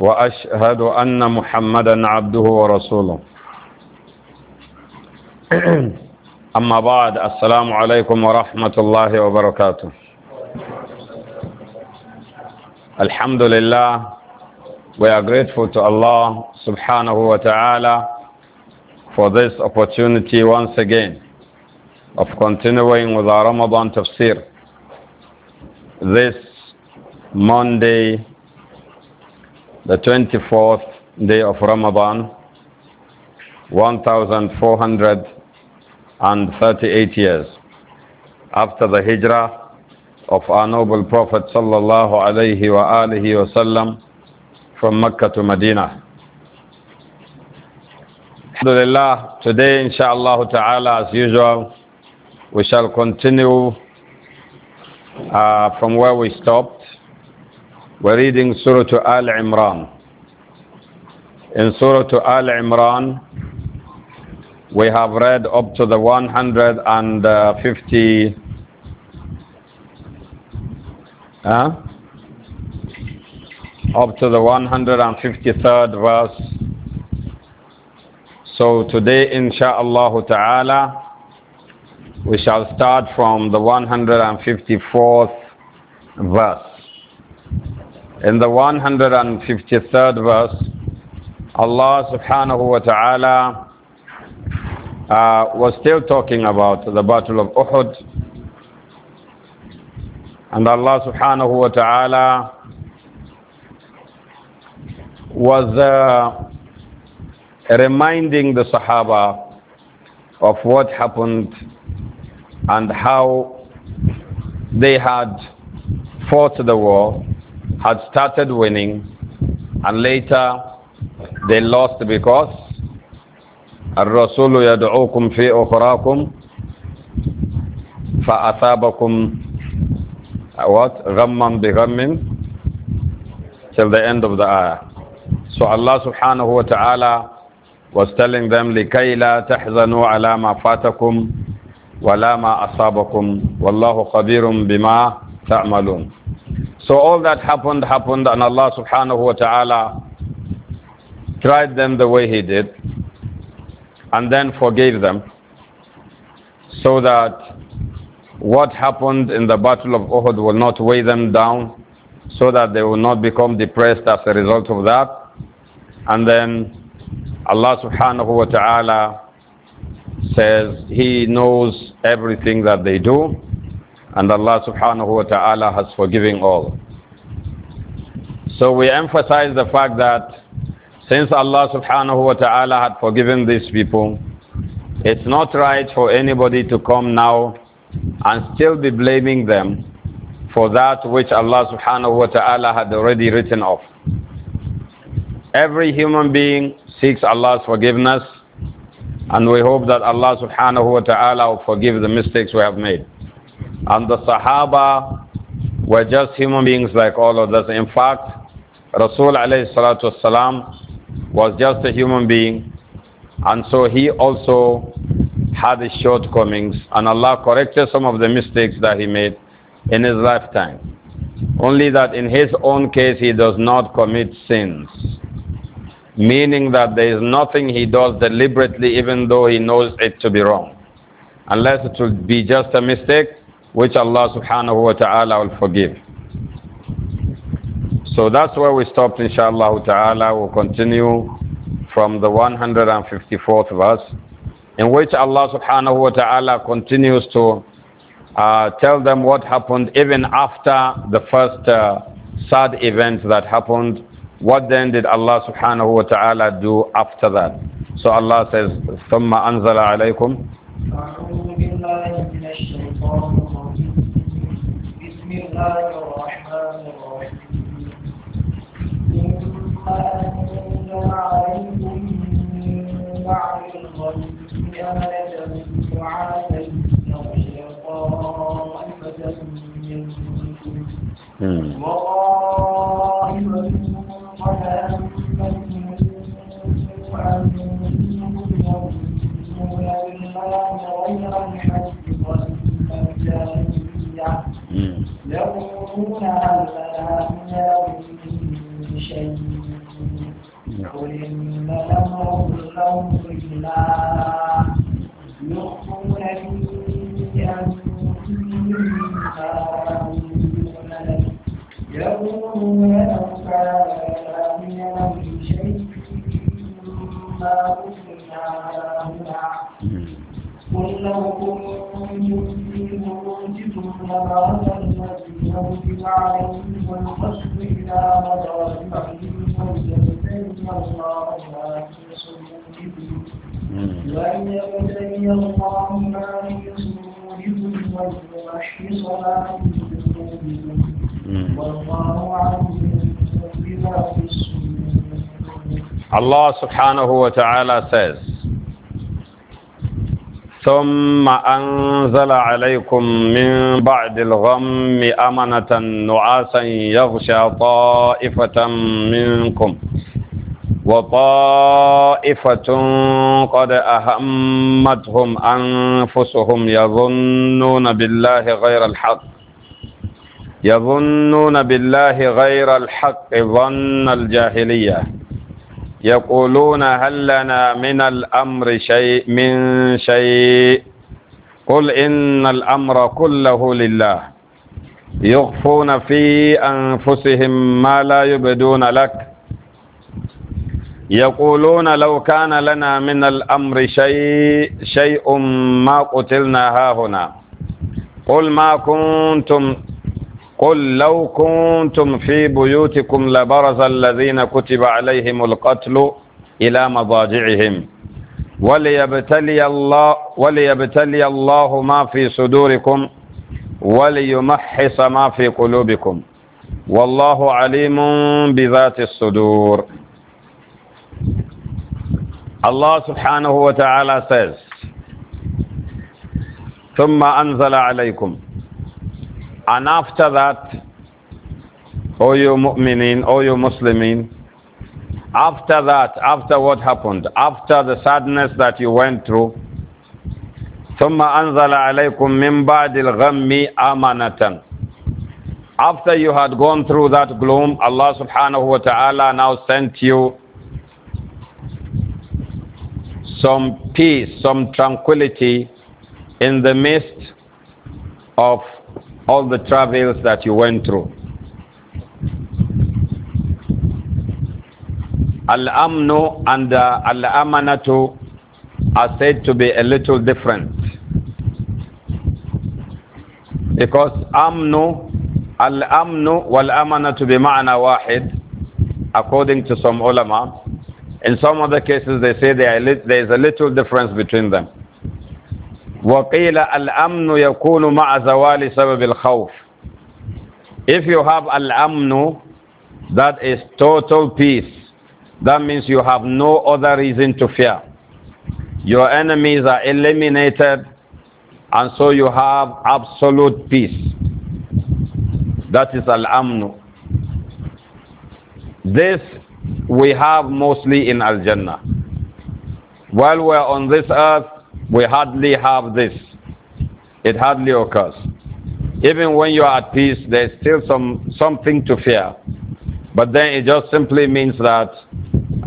وأشهد أن محمدا عبده ورسوله أما بعد السلام عليكم ورحمة الله وبركاته الحمد لله we are grateful to Allah subhanahu wa ta'ala for this opportunity once again of continuing with our Ramadan tafsir. This Monday the 24th day of Ramadan, 1438 years after the hijrah of our noble Prophet sallallahu alaihi wa alihi wasallam from Mecca to Medina. Alhamdulillah, today inshallah ta'ala as usual, we shall continue uh, from where we stopped we're reading Surah Al Imran. In Surah Al Imran, we have read up to the 150. Huh? Up to the 153rd verse. So today, insha'Allah ta'ala, we shall start from the 154th verse. In the 153rd verse, Allah subhanahu wa ta'ala uh, was still talking about the Battle of Uhud. And Allah subhanahu wa ta'ala was uh, reminding the Sahaba of what happened and how they had fought the war had started winning and later they lost because الرسول يدعوكم في أخراكم فأثابكم what غما بغم till the end of the ayah so Allah subhanahu wa ta'ala was telling them لكي لا تحزنوا على ما فاتكم ولا ما أصابكم والله خبير بما تعملون so all that happened, happened, and Allah subhanahu wa ta'ala tried them the way He did, and then forgave them, so that what happened in the Battle of Uhud will not weigh them down, so that they will not become depressed as a result of that. And then Allah subhanahu wa ta'ala says He knows everything that they do. And Allah subhanahu wa ta'ala has forgiven all. So we emphasize the fact that since Allah subhanahu wa ta'ala had forgiven these people, it's not right for anybody to come now and still be blaming them for that which Allah subhanahu wa ta'ala had already written off. Every human being seeks Allah's forgiveness and we hope that Allah subhanahu wa ta'ala will forgive the mistakes we have made. And the Sahaba were just human beings like all of us. In fact, Rasul alayhi was just a human being. And so he also had his shortcomings. And Allah corrected some of the mistakes that he made in his lifetime. Only that in his own case, he does not commit sins. Meaning that there is nothing he does deliberately, even though he knows it to be wrong. Unless it will be just a mistake, which Allah subhanahu wa ta'ala will forgive. So that's where we stopped, inshallah ta'ala. We'll continue from the 154th verse, in which Allah subhanahu wa ta'ala continues to uh, tell them what happened even after the first uh, sad event that happened. What then did Allah subhanahu wa ta'ala do after that? So Allah says, ثُمَّ أَنزَلَ عَلَيْكُمْ uh, Allah subhanahu wa ta'ala says, ثم أنزل عليكم من بعد الغم أمنة نعاسا يغشى طائفة منكم وطائفة قد أهمتهم أنفسهم يظنون بالله غير الحق يظنون بالله غير الحق ظن الجاهليه يقولون هل لنا من الأمر شيء من شيء قل إن الأمر كله لله يخفون في أنفسهم ما لا يبدون لك يقولون لو كان لنا من الأمر شيء شيء ما قتلنا هاهنا قل ما كنتم قل لو كنتم في بيوتكم لبرز الذين كتب عليهم القتل إلى مضاجعهم وليبتلي الله وليبتلي الله ما في صدوركم وليمحص ما في قلوبكم والله عليم بذات الصدور الله سبحانه وتعالى says ثم أنزل عليكم And after that, O you mu'minin, O you muslimin, after that, after what happened, after the sadness that you went through, ثم أنزل عليكم من بعد الغم أمانة After you had gone through that gloom, Allah subhanahu wa ta'ala now sent you some peace, some tranquility in the midst of all the travels that you went through. Al-amnu and uh, al-amanatu are said to be a little different. Because amnu, al-amnu wal-amanatu bima'na wahid, according to some ulama. In some other cases they say there is a little difference between them. وقيل الأمن يكون مع زوال سبب الخوف If you have al-amnu, that is total peace. That means you have no other reason to fear. Your enemies are eliminated, and so you have absolute peace. That is al-amnu. This we have mostly in al-Jannah. While we're on this earth, we hardly have this. It hardly occurs. Even when you are at peace, there's still some, something to fear. But then it just simply means that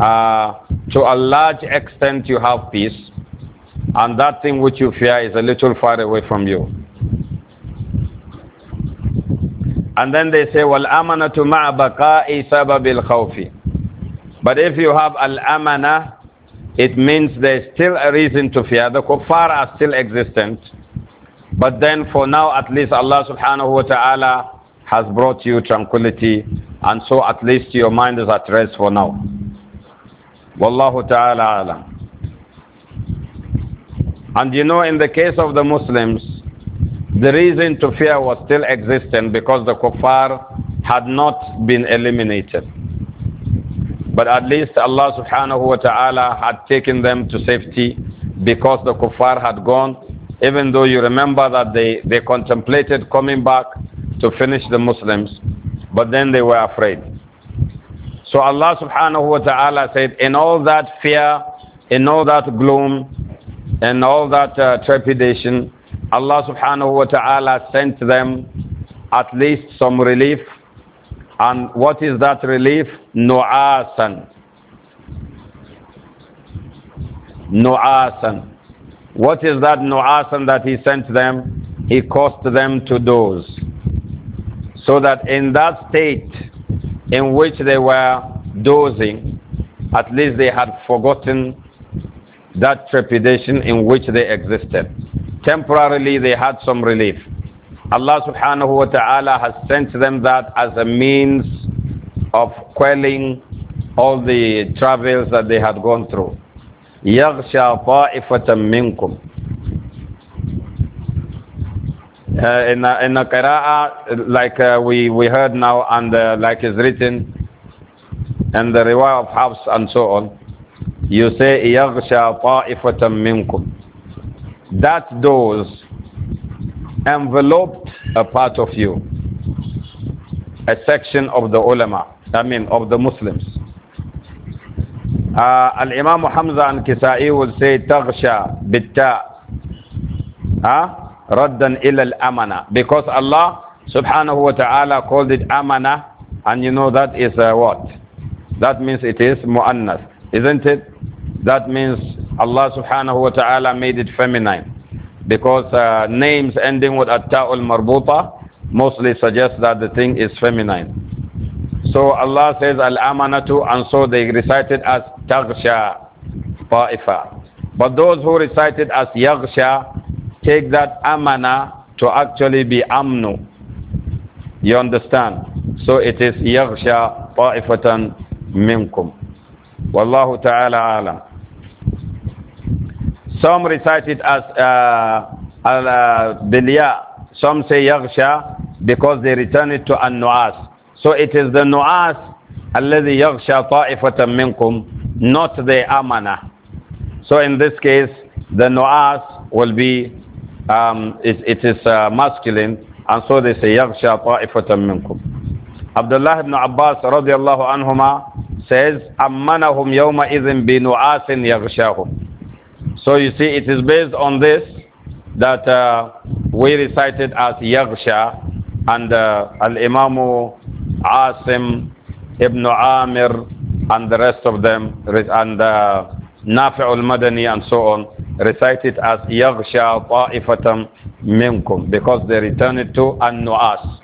uh, to a large extent you have peace, and that thing which you fear is a little far away from you. And then they say, "Well, وَالْأَمَنَةُ مَعَ بَقَاءِ سَبَبِ الْخَوْفِ But if you have al-amana it means there's still a reason to fear. The kuffar are still existent. But then for now, at least Allah subhanahu wa ta'ala has brought you tranquility. And so at least your mind is at rest for now. Wallahu ta'ala alam. And you know, in the case of the Muslims, the reason to fear was still existent because the kuffar had not been eliminated. But at least Allah subhanahu wa ta'ala had taken them to safety because the kuffar had gone, even though you remember that they, they contemplated coming back to finish the Muslims, but then they were afraid. So Allah subhanahu wa ta'ala said, in all that fear, in all that gloom, in all that uh, trepidation, Allah subhanahu wa ta'ala sent them at least some relief and what is that relief? Nu'asan. Nu'asan. What is that nu'asan that he sent them? He caused them to doze. So that in that state in which they were dozing, at least they had forgotten that trepidation in which they existed. Temporarily, they had some relief. Allah subhanahu wa ta'ala has sent them that as a means of quelling all the travails that they had gone through. يَغْشَى طَائِفَةً مِّنْكُمْ uh, in a, in a qira'ah, like uh, we, we heard now, and uh, like is written and the riwayah of Habs and so on, you say, يَغْشَى طَائِفَةً مِّنْكُمْ That those enveloped a part of you, a section of the ulama, I mean of the Muslims. Uh, Al-Imam Hamza and Kisa'i will say, تغشى bitta, huh? ردا al-amana." because Allah subhanahu wa ta'ala called it amana and you know that is uh, what? That means it is mu'annas, isn't it? That means Allah subhanahu wa ta'ala made it feminine because uh, names ending with Atta'ul Marbuta mostly suggest that the thing is feminine. So Allah says Al-Amanatu and so they recited as Taghsha Ta'ifa. But those who recited as Yaghsha take that Amana to actually be Amnu. You understand? So it is Yaghsha Ta'ifatan Minkum. Wallahu ta'ala alam. Some recite it as uh, al-bilya. Uh, Some say Yagsha because they return it to an-nu'as. So it is the nu'as alladhi yaghsha ta'ifatan minkum, not the amana. So in this case, the nu'as will be, um, it, it is uh, masculine, and so they say yaghsha ta'ifatan minkum. Abdullah ibn Abbas radiallahu anhuma says, أَمَّنَهُمْ in بِنُعَاسٍ يَغْشَاهُمْ so you see, it is based on this that uh, we recited as Yagsha and uh, Al-Imam Asim Ibn Amir and the rest of them and uh, al-Madani and so on recited as wa Ta'ifatam Minkum because they returned to An-Nu'as.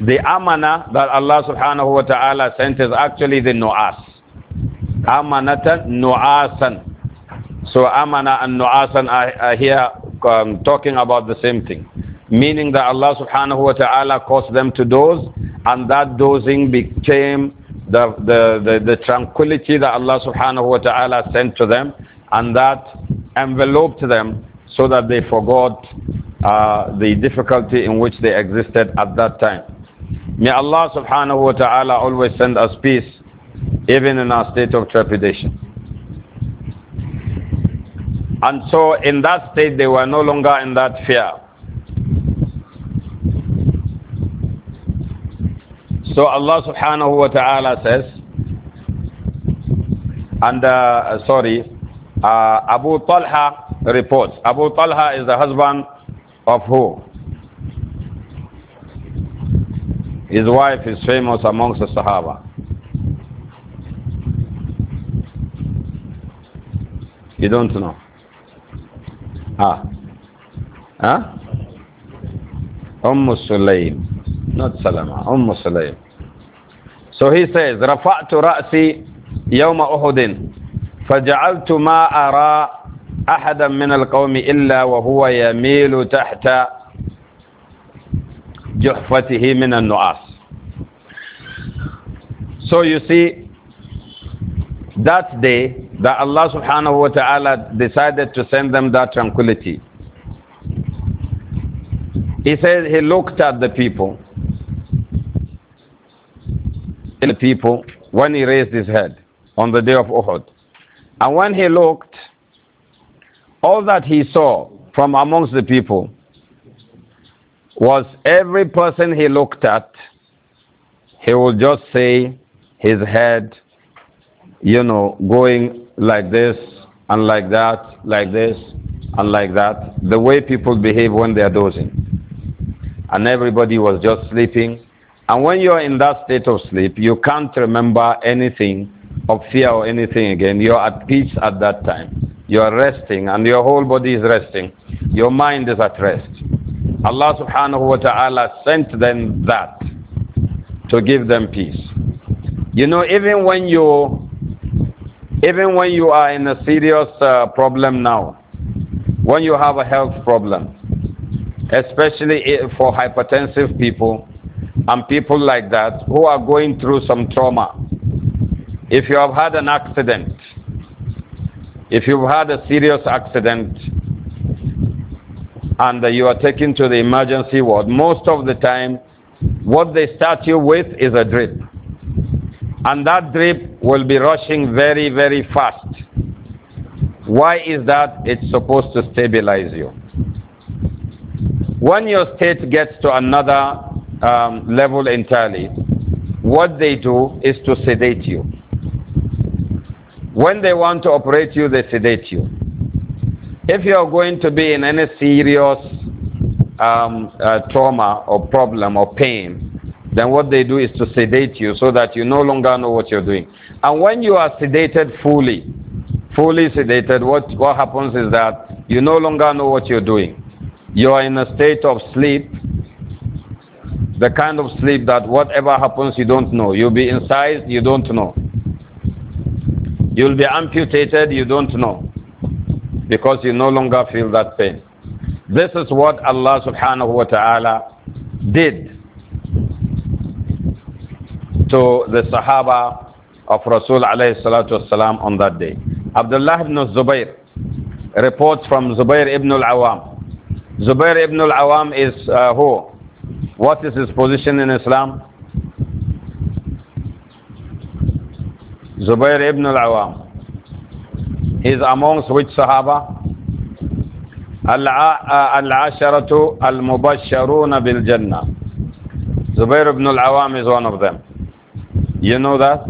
The amana that Allah subhanahu wa ta'ala sent is actually the Nu'as amanatan nu'asan. So amana and nu'asan are, here um, talking about the same thing. Meaning that Allah subhanahu wa ta'ala caused them to doze and that dozing became the, the, the, the tranquility that Allah subhanahu wa ta'ala sent to them and that enveloped them so that they forgot uh, the difficulty in which they existed at that time. May Allah subhanahu wa ta'ala always send us peace even in our state of trepidation. And so in that state, they were no longer in that fear. So Allah subhanahu wa ta'ala says, and uh, sorry, uh, Abu Talha reports. Abu Talha is the husband of who? His wife is famous amongst the Sahaba. You don't know. Ah. Huh? Ah? Umm Sulaim. Not Salama. Umm Sulaim. So he says, Rafa'tu ra'si yawma uhudin. Faja'altu ma ara ahadan min al-qawmi illa wa huwa yamilu tahta juhfatihi min al-nu'as. So you see, that day, that Allah subhanahu wa ta'ala decided to send them that tranquility. He says he looked at the people, the people, when he raised his head on the day of Uhud. And when he looked, all that he saw from amongst the people was every person he looked at, he would just say his head, you know, going like this, and like that, like this, and like that. The way people behave when they are dozing. And everybody was just sleeping. And when you're in that state of sleep, you can't remember anything of fear or anything again. You're at peace at that time. You're resting, and your whole body is resting. Your mind is at rest. Allah subhanahu wa ta'ala sent them that to give them peace. You know, even when you even when you are in a serious uh, problem now, when you have a health problem, especially for hypertensive people and people like that who are going through some trauma. If you have had an accident, if you've had a serious accident and you are taken to the emergency ward, most of the time what they start you with is a drip. And that drip will be rushing very, very fast. Why is that? It's supposed to stabilize you. When your state gets to another um, level entirely, what they do is to sedate you. When they want to operate you, they sedate you. If you are going to be in any serious um, uh, trauma or problem or pain, then what they do is to sedate you so that you no longer know what you're doing. And when you are sedated fully, fully sedated, what, what happens is that you no longer know what you're doing. You are in a state of sleep, the kind of sleep that whatever happens, you don't know. You'll be incised, you don't know. You'll be amputated, you don't know. Because you no longer feel that pain. This is what Allah subhanahu wa ta'ala did to the Sahaba of Rasul alayhi salatu wasalam on that day. Abdullah ibn Zubayr reports from Zubayr ibn al-Awam. Zubayr ibn al-Awam is uh, who? What is his position in Islam? Zubayr ibn al-Awam. is amongst which Sahaba? Uh, Al-Asharatu al-Mubashsharuna bil-Jannah. Zubayr ibn al-Awam is one of them. You know that?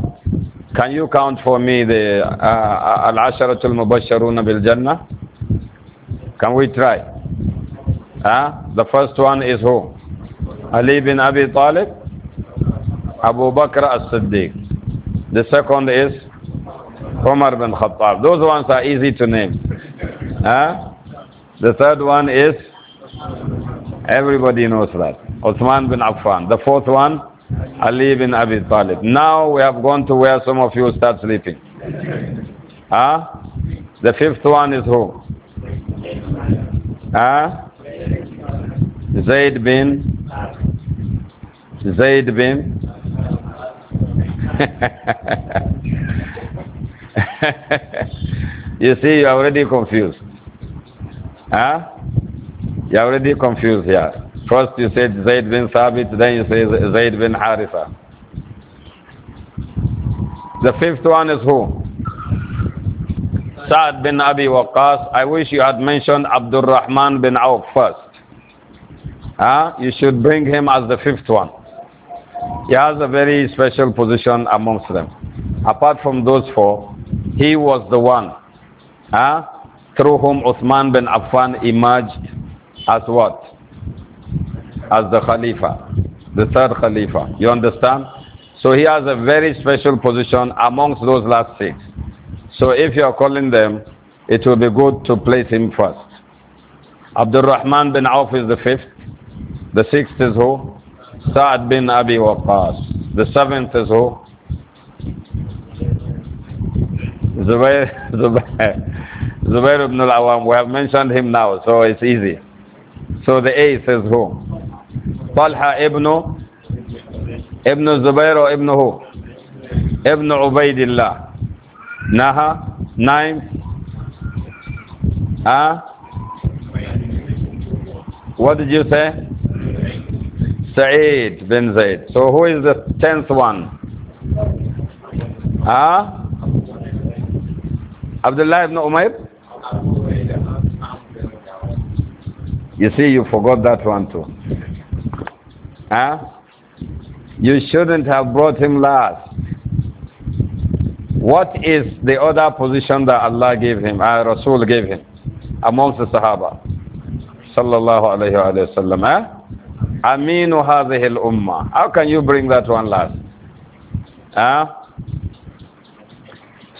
Can you count for me the uh, uh, Al-Asharatul Mubasharuna Bil Jannah? Can we try? Huh? The first one is who? Ali bin Abi Talib, Abu Bakr as-Siddiq. The second is Umar bin Khattab. Those ones are easy to name. Huh? The third one is, everybody knows that, Uthman bin Affan. The fourth one, Ali ibn Abi Talib. Now we have gone to where some of you start sleeping. Ah, huh? The fifth one is who? Ah, huh? Zaid bin. Zaid bin. you see, you're already confused. Ah, huh? You're already confused here. First you said Zayd bin Thabit, then you say Zayd bin Haritha. The fifth one is who? Sa'd bin Abi Waqqas. I wish you had mentioned Abdul Rahman bin Auf first. Huh? You should bring him as the fifth one. He has a very special position amongst them. Apart from those four, he was the one huh? through whom Uthman bin Affan emerged as what? as the Khalifa, the third Khalifa. You understand? So he has a very special position amongst those last six. So if you are calling them, it will be good to place him first. Abdul Rahman bin Auf is the fifth. The sixth is who? Sa'ad bin Abi Waqqas. The seventh is who? Zubair, Zubair, Zubair ibn al-Awam. We have mentioned him now, so it's easy. So the eighth is who? Talha ibn Ibn Zubair or Ibn who? Ibn Ubaidillah. Naha, ninth. Ah? What did you say? Sa'id bin Zaid. So who is the tenth one? Ah? Abdullah ibn Umayr? You see, you forgot that one too. Huh? You shouldn't have brought him last. What is the other position that Allah gave him, uh, Rasul gave him, amongst the Sahaba? Sallallahu alayhi wa sallam. Aminu hadhihi al-ummah. How can you bring that one last? Huh?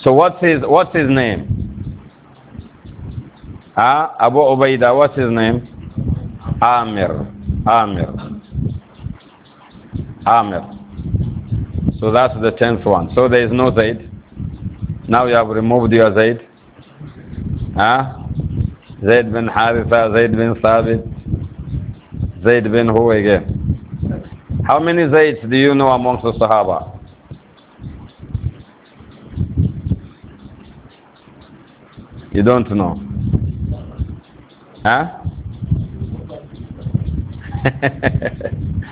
So what's his, what's his name? Huh? Abu Ubaidah, what's his name? Amir. Amir. Amir. So that's the tenth one. So there is no Zaid. Now you have removed your Zaid. Huh? Zaid bin Haritha, Zaid bin Thabit, Zaid bin who again? How many Zaids do you know amongst the Sahaba? You don't know. Huh?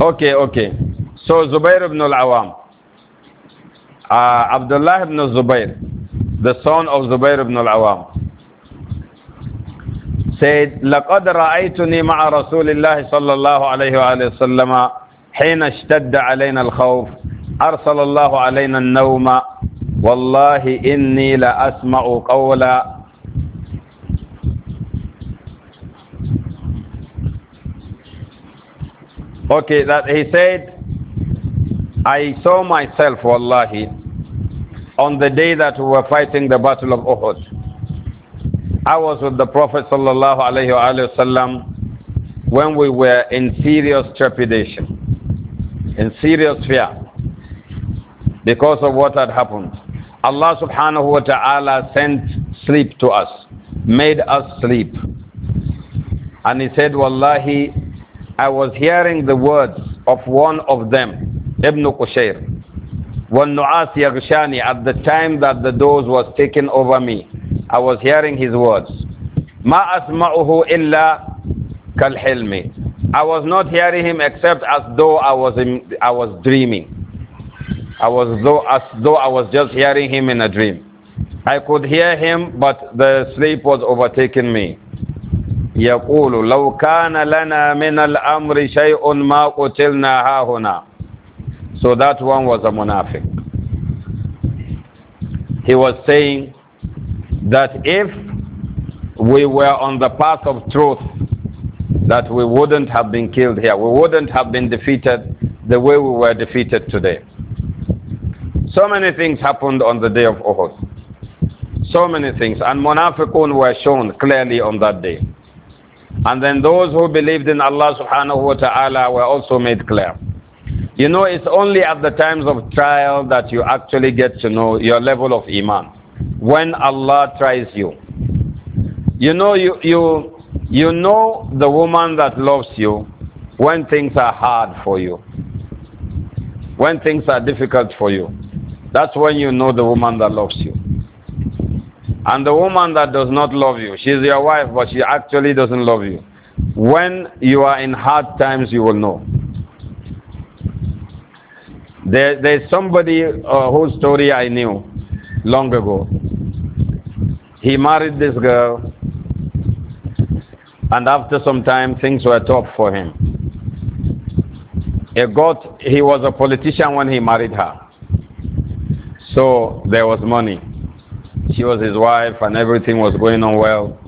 Okay, okay. So Zubair ibn al-Awam. عبد uh, Abdullah ibn Zubair, the son of Zubair ibn al-Awam, said, لَقَدْ رَأَيْتُنِي مَعَ رَسُولِ اللَّهِ صَلَّى اللَّهُ عَلَيْهِ وَآلِهِ وَسَلَّمَ حين اشتد علينا الخوف أرسل الله علينا النوم والله إني لأسمع قول Okay, that he said, I saw myself, wallahi, on the day that we were fighting the Battle of Uhud. I was with the Prophet sallallahu alayhi wa sallam when we were in serious trepidation, in serious fear, because of what had happened. Allah subhanahu wa ta'ala sent sleep to us, made us sleep. And he said, Wallahi, I was hearing the words of one of them, Ibn Qushayr. وَالنُّعَاسِ يَغْشَانِ At the time that the doze was taken over me, I was hearing his words. Ma asma'uhu illa كَالْحِلْمِ I was not hearing him except as though I was, in, I was dreaming. I was though, as though I was just hearing him in a dream. I could hear him, but the sleep was overtaking me. يقول لو كان لنا من الأمر شيء ما قتلنا So that one was a munafiq. He was saying that if we were on the path of truth, that we wouldn't have been killed here. We wouldn't have been defeated the way we were defeated today. So many things happened on the day of Uhud. So many things. And Munafiqun were shown clearly on that day. And then those who believed in Allah subhanahu wa ta'ala were also made clear. You know, it's only at the times of trial that you actually get to know your level of Iman. When Allah tries you. You know, you, you, you know the woman that loves you when things are hard for you, when things are difficult for you. That's when you know the woman that loves you. And the woman that does not love you, she's your wife, but she actually doesn't love you. When you are in hard times, you will know. There, there's somebody uh, whose story I knew long ago. He married this girl, and after some time, things were tough for him. He got, he was a politician when he married her, so there was money. She was his wife and everything was going on well.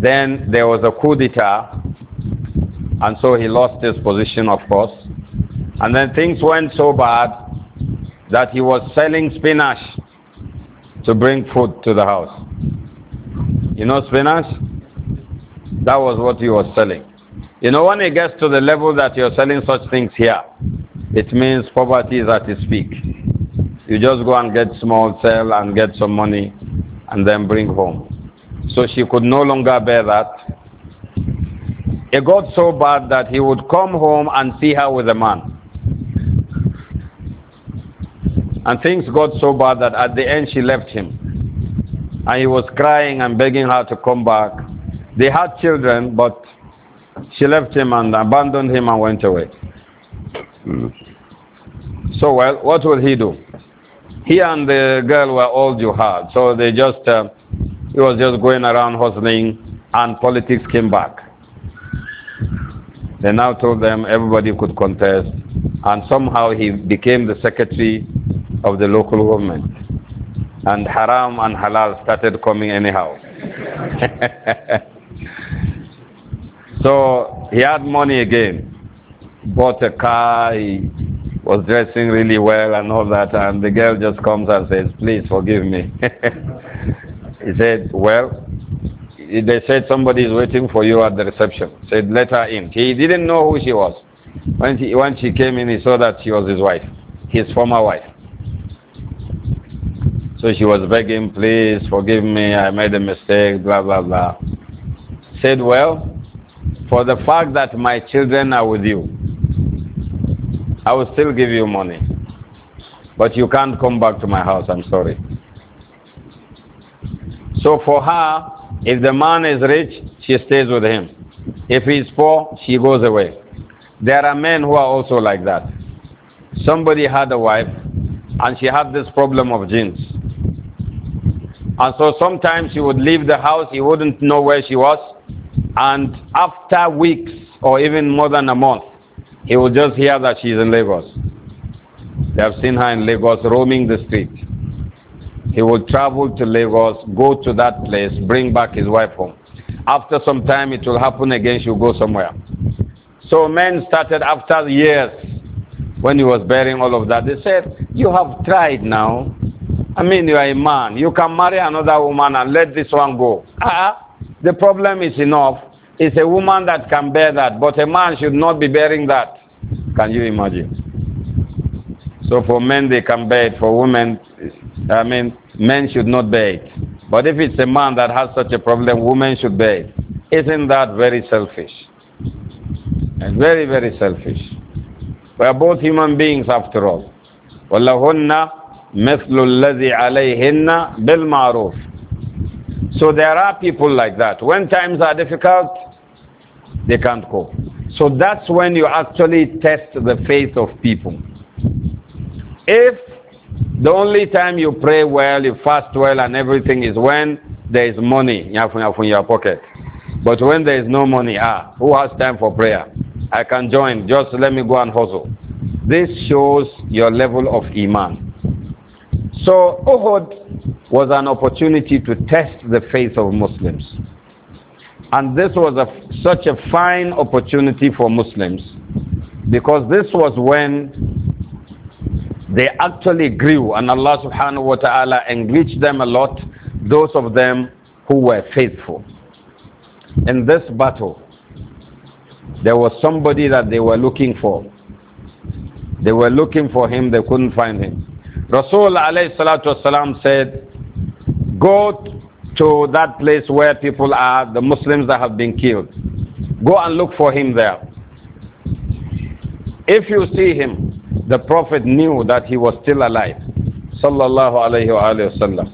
Then there was a coup d'etat and so he lost his position, of course. And then things went so bad that he was selling spinach to bring food to the house. You know spinach? That was what he was selling. You know, when it gets to the level that you're selling such things here, it means poverty is at its peak. You just go and get small, sell, and get some money, and then bring home. So she could no longer bear that. It got so bad that he would come home and see her with a man. And things got so bad that at the end she left him. And he was crying and begging her to come back. They had children, but she left him and abandoned him and went away. Hmm. So, well, what will he do? He and the girl were all jihad, so they just, uh, he was just going around hustling, and politics came back. They now told them everybody could contest, and somehow he became the secretary of the local government. And haram and halal started coming anyhow. so he had money again, bought a car, he was dressing really well and all that, and the girl just comes and says, please forgive me. he said, well, they said somebody is waiting for you at the reception. Said, let her in. He didn't know who she was. When she, when she came in, he saw that she was his wife, his former wife. So she was begging, please forgive me, I made a mistake, blah, blah, blah. Said, well, for the fact that my children are with you, I will still give you money. But you can't come back to my house, I'm sorry. So for her, if the man is rich, she stays with him. If he is poor, she goes away. There are men who are also like that. Somebody had a wife and she had this problem of genes. And so sometimes she would leave the house, he wouldn't know where she was. And after weeks or even more than a month, he will just hear that she is in Lagos. They have seen her in Lagos roaming the street. He will travel to Lagos, go to that place, bring back his wife home. After some time, it will happen again. She'll go somewhere. So men started after years when he was bearing all of that. They said, You have tried now. I mean, you are a man. You can marry another woman and let this one go. Ah, uh -uh. the problem is enough. It's a woman that can bear that, but a man should not be bearing that. Can you imagine? So for men, they can bear it. For women, I mean, men should not bear it. But if it's a man that has such a problem, women should bear it. Isn't that very selfish? And very, very selfish. We are both human beings after all. So there are people like that. When times are difficult, they can't cope. So that's when you actually test the faith of people. If the only time you pray well, you fast well, and everything is when there is money in your pocket. But when there is no money, ah, who has time for prayer? I can join, just let me go and hustle. This shows your level of Iman. So, Uhud was an opportunity to test the faith of Muslims. And this was a, such a fine opportunity for Muslims because this was when they actually grew and Allah subhanahu wa ta'ala enriched them a lot, those of them who were faithful. In this battle, there was somebody that they were looking for. They were looking for him, they couldn't find him. Rasul alayhi salatu said, Go to that place where people are, the Muslims that have been killed. Go and look for him there. If you see him, the Prophet knew that he was still alive. Sallallahu alayhi wa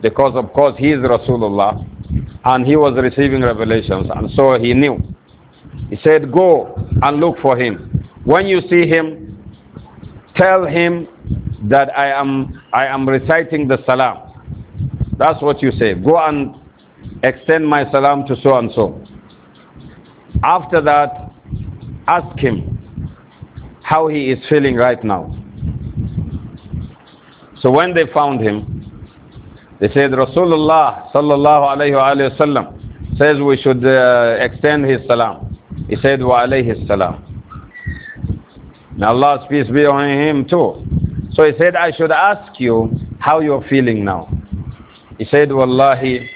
Because of course he is Rasulullah and he was receiving revelations and so he knew. He said, go and look for him. When you see him, tell him that I am, I am reciting the salam. That's what you say. Go and extend my salam to so and so. After that, ask him how he is feeling right now. So when they found him, they said Rasulullah sallallahu alayhi wa sallam says we should uh, extend his salam. He said wa alayhi salam. May Allah's peace be on him too. So he said, I should ask you how you're feeling now. He said, Wallahi,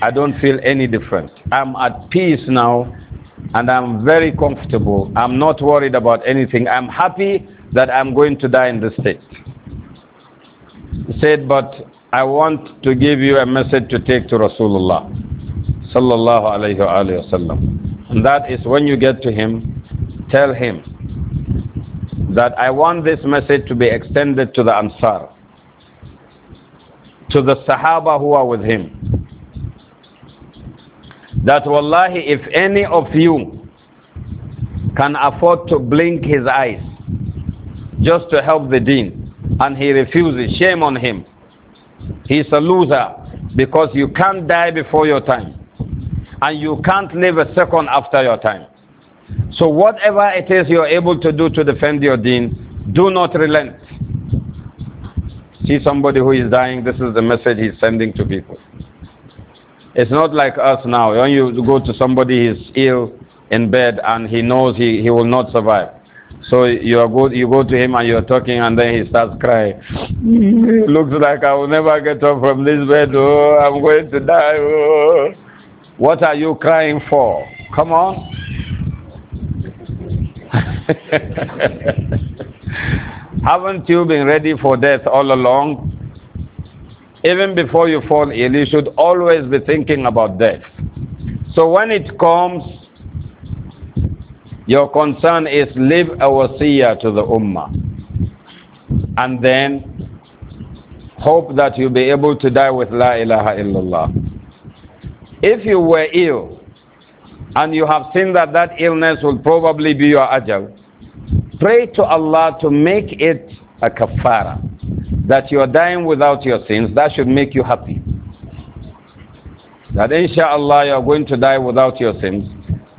I don't feel any difference. I'm at peace now and I'm very comfortable. I'm not worried about anything. I'm happy that I'm going to die in this state. He said, But I want to give you a message to take to Rasulullah sallallahu alayhi wa sallam. And that is when you get to him, tell him that I want this message to be extended to the Ansar to the Sahaba who are with him. That wallahi, if any of you can afford to blink his eyes just to help the deen, and he refuses, shame on him. He's a loser because you can't die before your time and you can't live a second after your time. So, whatever it is you're able to do to defend your deen, do not relent. See somebody who is dying, this is the message he's sending to people. It's not like us now. When you go to somebody who's ill in bed and he knows he, he will not survive. So you go, you go to him and you're talking and then he starts crying. Looks like I will never get up from this bed. Oh, I'm going to die. Oh. What are you crying for? Come on. Haven't you been ready for death all along? Even before you fall ill, you should always be thinking about death. So when it comes, your concern is leave a wasiyah to the ummah. And then hope that you'll be able to die with La ilaha illallah. If you were ill and you have seen that that illness will probably be your ajal, Pray to Allah to make it a kafara. That you are dying without your sins, that should make you happy. That inshallah you are going to die without your sins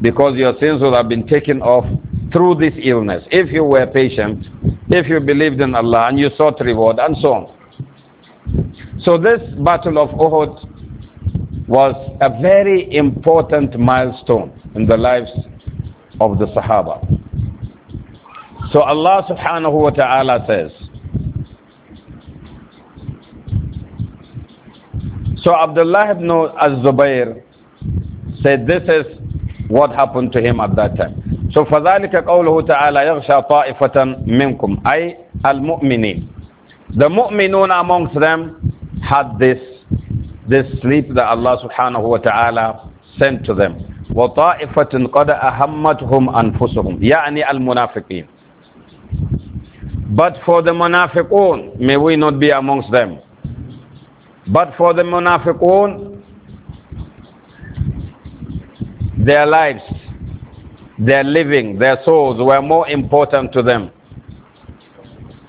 because your sins would have been taken off through this illness. If you were patient, if you believed in Allah and you sought reward and so on. So this battle of Uhud was a very important milestone in the lives of the Sahaba. So Allah subhanahu wa ta'ala says, So Abdullah ibn az-Zubayr said this is what happened to him at that time. So فَذَلِكَ قَوْلُهُ تَعَالَى يَغْشَى طَائِفَةً مِّنْكُمْ أي المؤمنين The mu'minun amongst them had this this sleep that Allah subhanahu wa ta'ala sent to them. وَطَائِفَةٌ قَدْ أَهَمَّتْهُمْ أَنفُسُهُمْ يعني المنافقين but for the munafiqun, may we not be amongst them. But for the munafiqun, their lives, their living, their souls were more important to them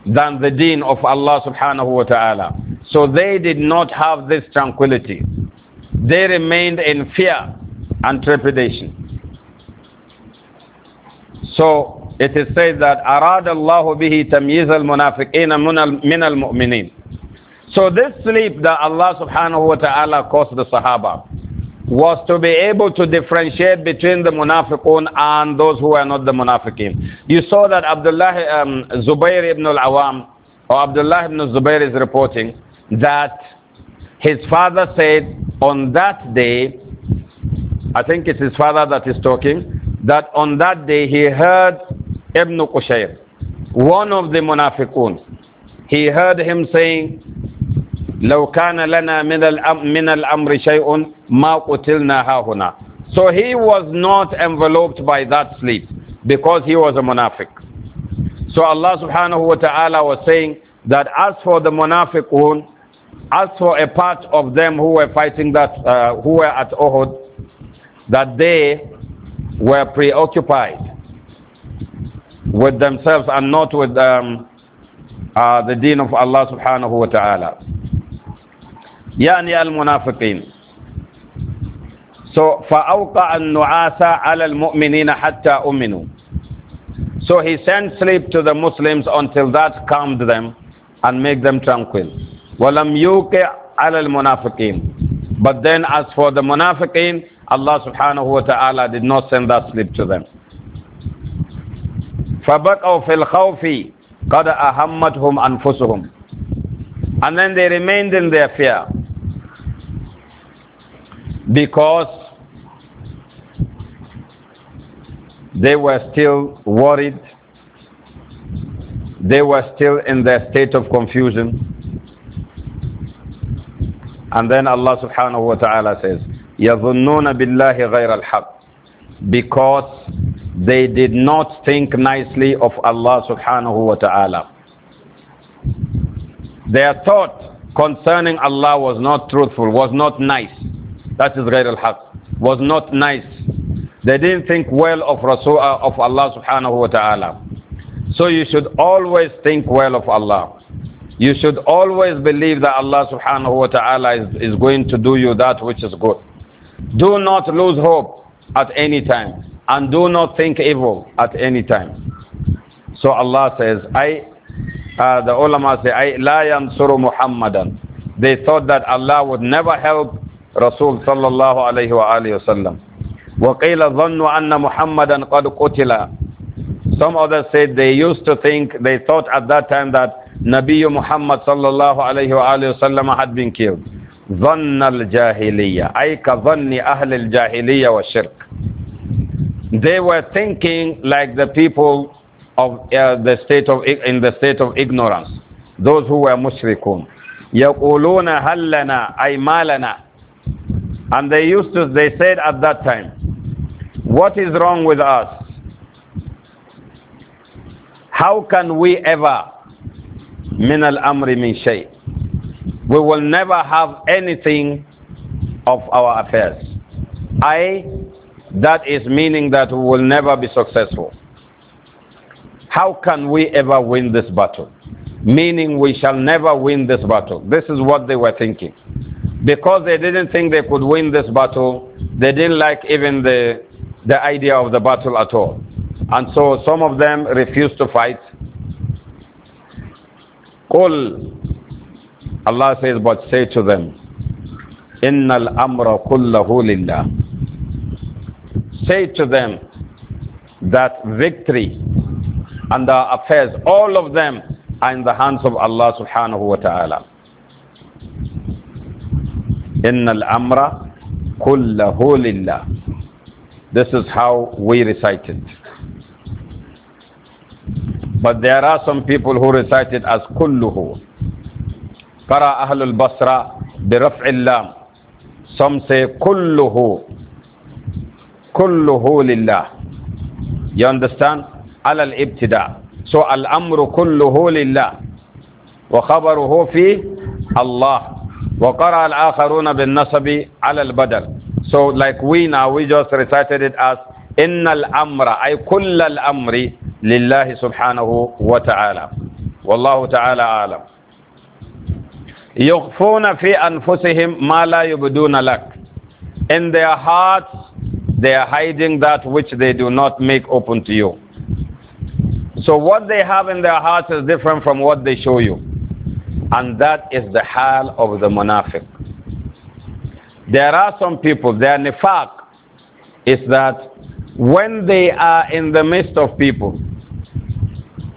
than the deen of Allah subhanahu wa ta'ala. So they did not have this tranquility. They remained in fear and trepidation. So it is said that أَرَادَ اللَّهُ بِهِ تَمْيِيزَ الْمُنَافِقِينَ مِنَ الْمُؤْمِنِينَ So this sleep that Allah subhanahu wa ta'ala caused the Sahaba was to be able to differentiate between the munafiqun and those who are not the munafiqin. You saw that Abdullah um, Zubair ibn al-Awam or Abdullah ibn Zubair is reporting that his father said on that day, I think it's his father that is talking, that on that day he heard ibn Qushayr, one of the munafiqun, he heard him saying, لو كان لنا من من الأمر شيء ما قتلنا هنا." So he was not enveloped by that sleep because he was a munafiq. So Allah subhanahu wa ta'ala was saying that as for the munafiqun, as for a part of them who were fighting that, uh, who were at Uhud, that they were preoccupied with themselves and not with um, uh, the deen of Allah subhanahu wa ta'ala. يعني المنافقين. So فأوقع النعاس على المؤمنين حتى أمنوا. So he sent sleep to the Muslims until that calmed them and made them tranquil. ولم يوقع على المنافقين. But then as for the munafiqeen, Allah subhanahu wa ta'ala did not send that sleep to them. فَبَقَوْا فِي الْخَوْفِ قَدْ أَهَمَّتْهُمْ أَنفُسُهُمْ And then they remained in their fear. Because they were still worried. They were still in their state of confusion. And then Allah subhanahu wa ta'ala says, يَظُنُّونَ بِاللَّهِ غَيْرَ الْحَقِّ Because they did not think nicely of Allah subhanahu wa ta'ala. Their thought concerning Allah was not truthful, was not nice. That is Ghair al-Haq. Was not nice. They didn't think well of Rasul, uh, of Allah subhanahu wa ta'ala. So you should always think well of Allah. You should always believe that Allah subhanahu wa ta'ala is, is going to do you that which is good. Do not lose hope at any time and do not think evil at any time. So Allah says, I, uh, the ulama say, I la yansuru Muhammadan. They thought that Allah would never help Rasul sallallahu alayhi wa alayhi wa sallam. وَقِيلَ ظَنُّ أَنَّ مُحَمَّدًا قَدْ قُتِلَ Some others said they used to think, they thought at that time that Nabiyyu Muhammad sallallahu alayhi wa alayhi wa sallam had been killed. ظَنَّ الْجَاهِلِيَّةِ أي كَظَنِّ أَهْلِ الْجَاهِلِيَّةِ وَالشِّرْكِ they were thinking like the people of uh, the state of in the state of ignorance, those who were mushrikun. يقولون هل لنا and they used to they said at that time what is wrong with us how can we ever min al-amri min shay we will never have anything of our affairs I that is meaning that we will never be successful. How can we ever win this battle? Meaning we shall never win this battle. This is what they were thinking. Because they didn't think they could win this battle, they didn't like even the, the idea of the battle at all. And so some of them refused to fight. قل Allah says, but say to them, إن الأمر كله لله say to them that victory and our affairs, all of them are in the hands of Allah subhanahu wa ta'ala. al-amra kullahu lillah. This is how we recite it. But there are some people who recite it as kulluhu. Para Ahlul Basra bi raf'il lam. Some say kulluhu كله لله you understand على الابتداء so الأمر كله لله وخبره في الله وقرأ الآخرون بالنصب على البدل so like we now we just recited it as إن الأمر أي كل الأمر لله سبحانه وتعالى والله تعالى أعلم يخفون في أنفسهم ما لا يبدون لك in their hearts They are hiding that which they do not make open to you. So what they have in their hearts is different from what they show you. And that is the hal of the munafiq. There are some people, their nifaq is that when they are in the midst of people,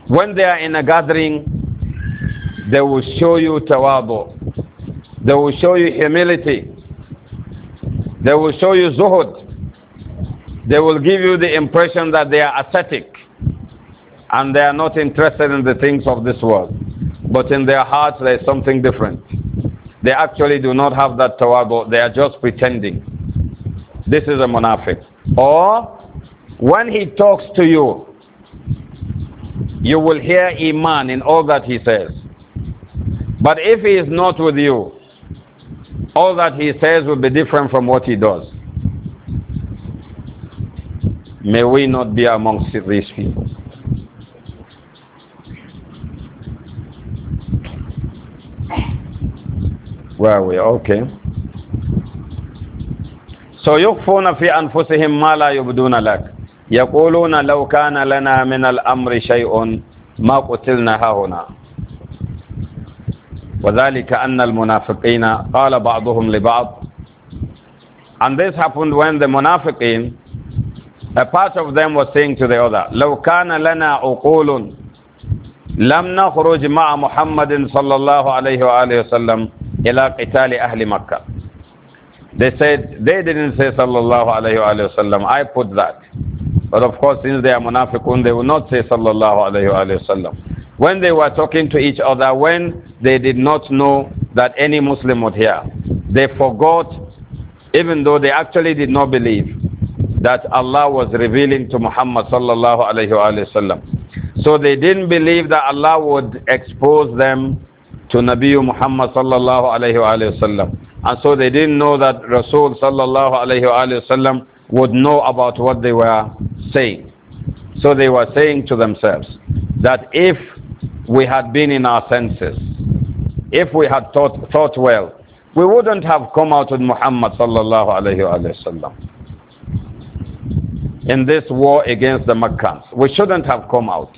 when they are in a gathering, they will show you tawadu. They will show you humility. They will show you zuhud they will give you the impression that they are ascetic and they are not interested in the things of this world. But in their hearts, there is something different. They actually do not have that tawadu, they are just pretending. This is a munafiq. Or when he talks to you, you will hear Iman in all that he says. But if he is not with you, all that he says will be different from what he does. May we not be amongst these people. Where are we? Okay. So يخفون في أنفسهم ما لا يبدون لك يقولون لو كان لنا من الأمر شيء ما قتلنا هنا وذلك أن المنافقين قال بعضهم لبعض And this happened when the munafiqin A part of them was saying to the other, لو كان لنا أقول لم نخرج مع محمد صلى الله عليه وآله وسلم إلى قتال أهل مكة. They said, they didn't say sallallahu alayhi wa وسلم. I put that. But of course, since they are munafiqun, they will not say sallallahu alayhi wa وسلم. When they were talking to each other, when they did not know that any Muslim would hear, they forgot, even though they actually did not believe, that Allah was revealing to Muhammad sallallahu alayhi wa sallam. So they didn't believe that Allah would expose them to Nabi Muhammad sallallahu alayhi wa sallam. And so they didn't know that Rasul sallallahu alayhi wa sallam would know about what they were saying. So they were saying to themselves that if we had been in our senses, if we had thought, thought well, we wouldn't have come out with Muhammad sallallahu alayhi wa sallam in this war against the Meccans. We shouldn't have come out.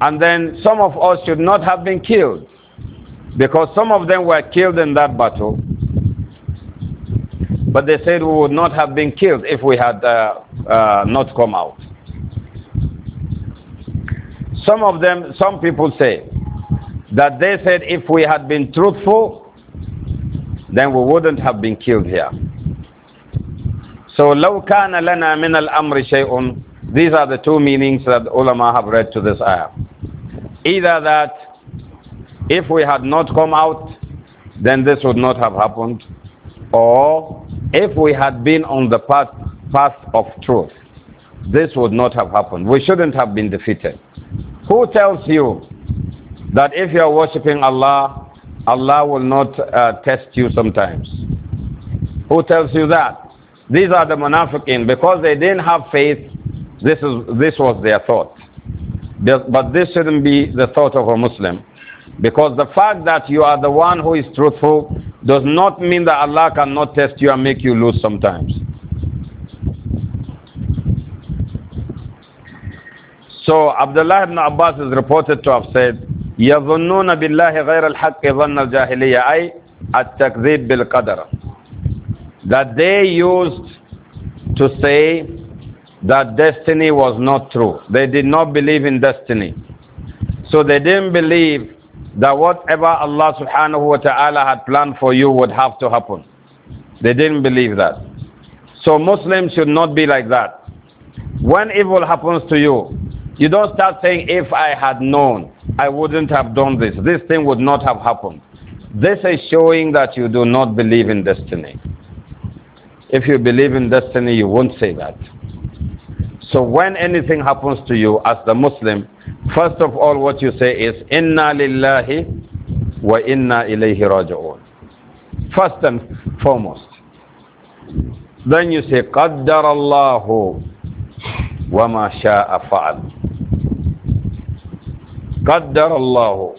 And then some of us should not have been killed because some of them were killed in that battle. But they said we would not have been killed if we had uh, uh, not come out. Some of them, some people say that they said if we had been truthful, then we wouldn't have been killed here. So, لو كان لنا من الأمر شيء These are the two meanings that ulama have read to this ayah. Either that if we had not come out, then this would not have happened. Or if we had been on the path, path of truth, this would not have happened. We shouldn't have been defeated. Who tells you that if you are worshipping Allah, Allah will not uh, test you sometimes? Who tells you that? These are the munafiqin. Because they didn't have faith, this, is, this was their thought. But this shouldn't be the thought of a Muslim. Because the fact that you are the one who is truthful does not mean that Allah cannot test you and make you lose sometimes. So Abdullah ibn Abbas is reported to have said, يظنون بالله غير الحق ظن الجاهلية أي التكذيب بالقدر that they used to say that destiny was not true. They did not believe in destiny. So they didn't believe that whatever Allah subhanahu wa ta'ala had planned for you would have to happen. They didn't believe that. So Muslims should not be like that. When evil happens to you, you don't start saying, if I had known, I wouldn't have done this. This thing would not have happened. This is showing that you do not believe in destiny. If you believe in destiny, you won't say that. So when anything happens to you as the Muslim, first of all what you say is, Inna lillahi wa inna ilayhi raji'un. First and foremost. Then you say, Qaddar Allahu wa ma sha'a fa'al. Qaddar Allahu.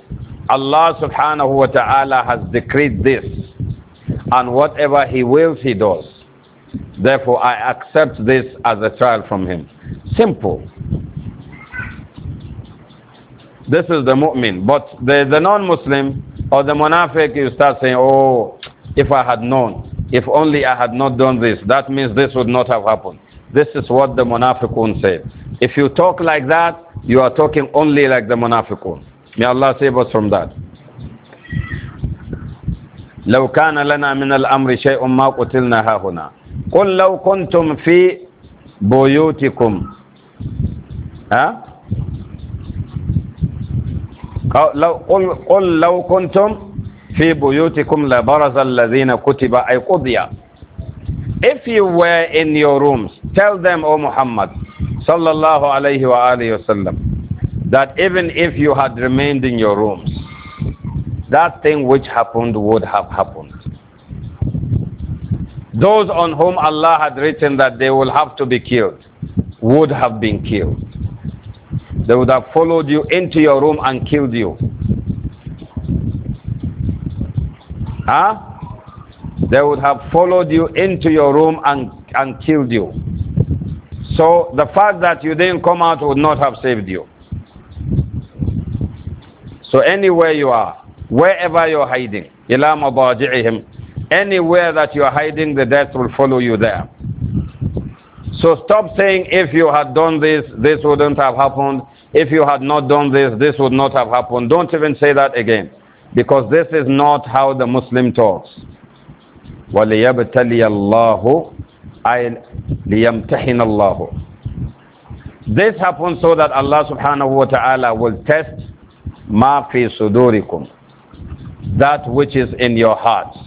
Allah subhanahu wa ta'ala has decreed this. And whatever He wills, He does. Therefore, I accept this as a child from him. Simple. This is the mu'min. But the, the non-Muslim or the monafiq, you start saying, oh, if I had known, if only I had not done this, that means this would not have happened. This is what the monafiqun said. If you talk like that, you are talking only like the monafiqun. May Allah save us from that. لو كان لنا من الأمر شيء ما قتلنا هاهنا قل لو كنتم في بيوتكم ها لو قل, قل لو كنتم في بيوتكم لبرز الذين كتب أي قضية If you were in your rooms, tell them, O Muhammad, صلى الله عليه واله وسلم that even if you had remained in your rooms, that thing which happened would have happened. Those on whom Allah had written that they will have to be killed would have been killed. They would have followed you into your room and killed you. Huh? They would have followed you into your room and, and killed you. So the fact that you didn't come out would not have saved you. So anywhere you are, wherever you're hiding, إِلَى مَضَاجِعِهِمْ Anywhere that you are hiding, the death will follow you there. So stop saying, if you had done this, this wouldn't have happened. If you had not done this, this would not have happened. Don't even say that again. Because this is not how the Muslim talks. وَلِيَبْتَلِيَ اللَّهُ أي This happens so that Allah subhanahu wa ta'ala will test ma fi sudurikum, That which is in your hearts.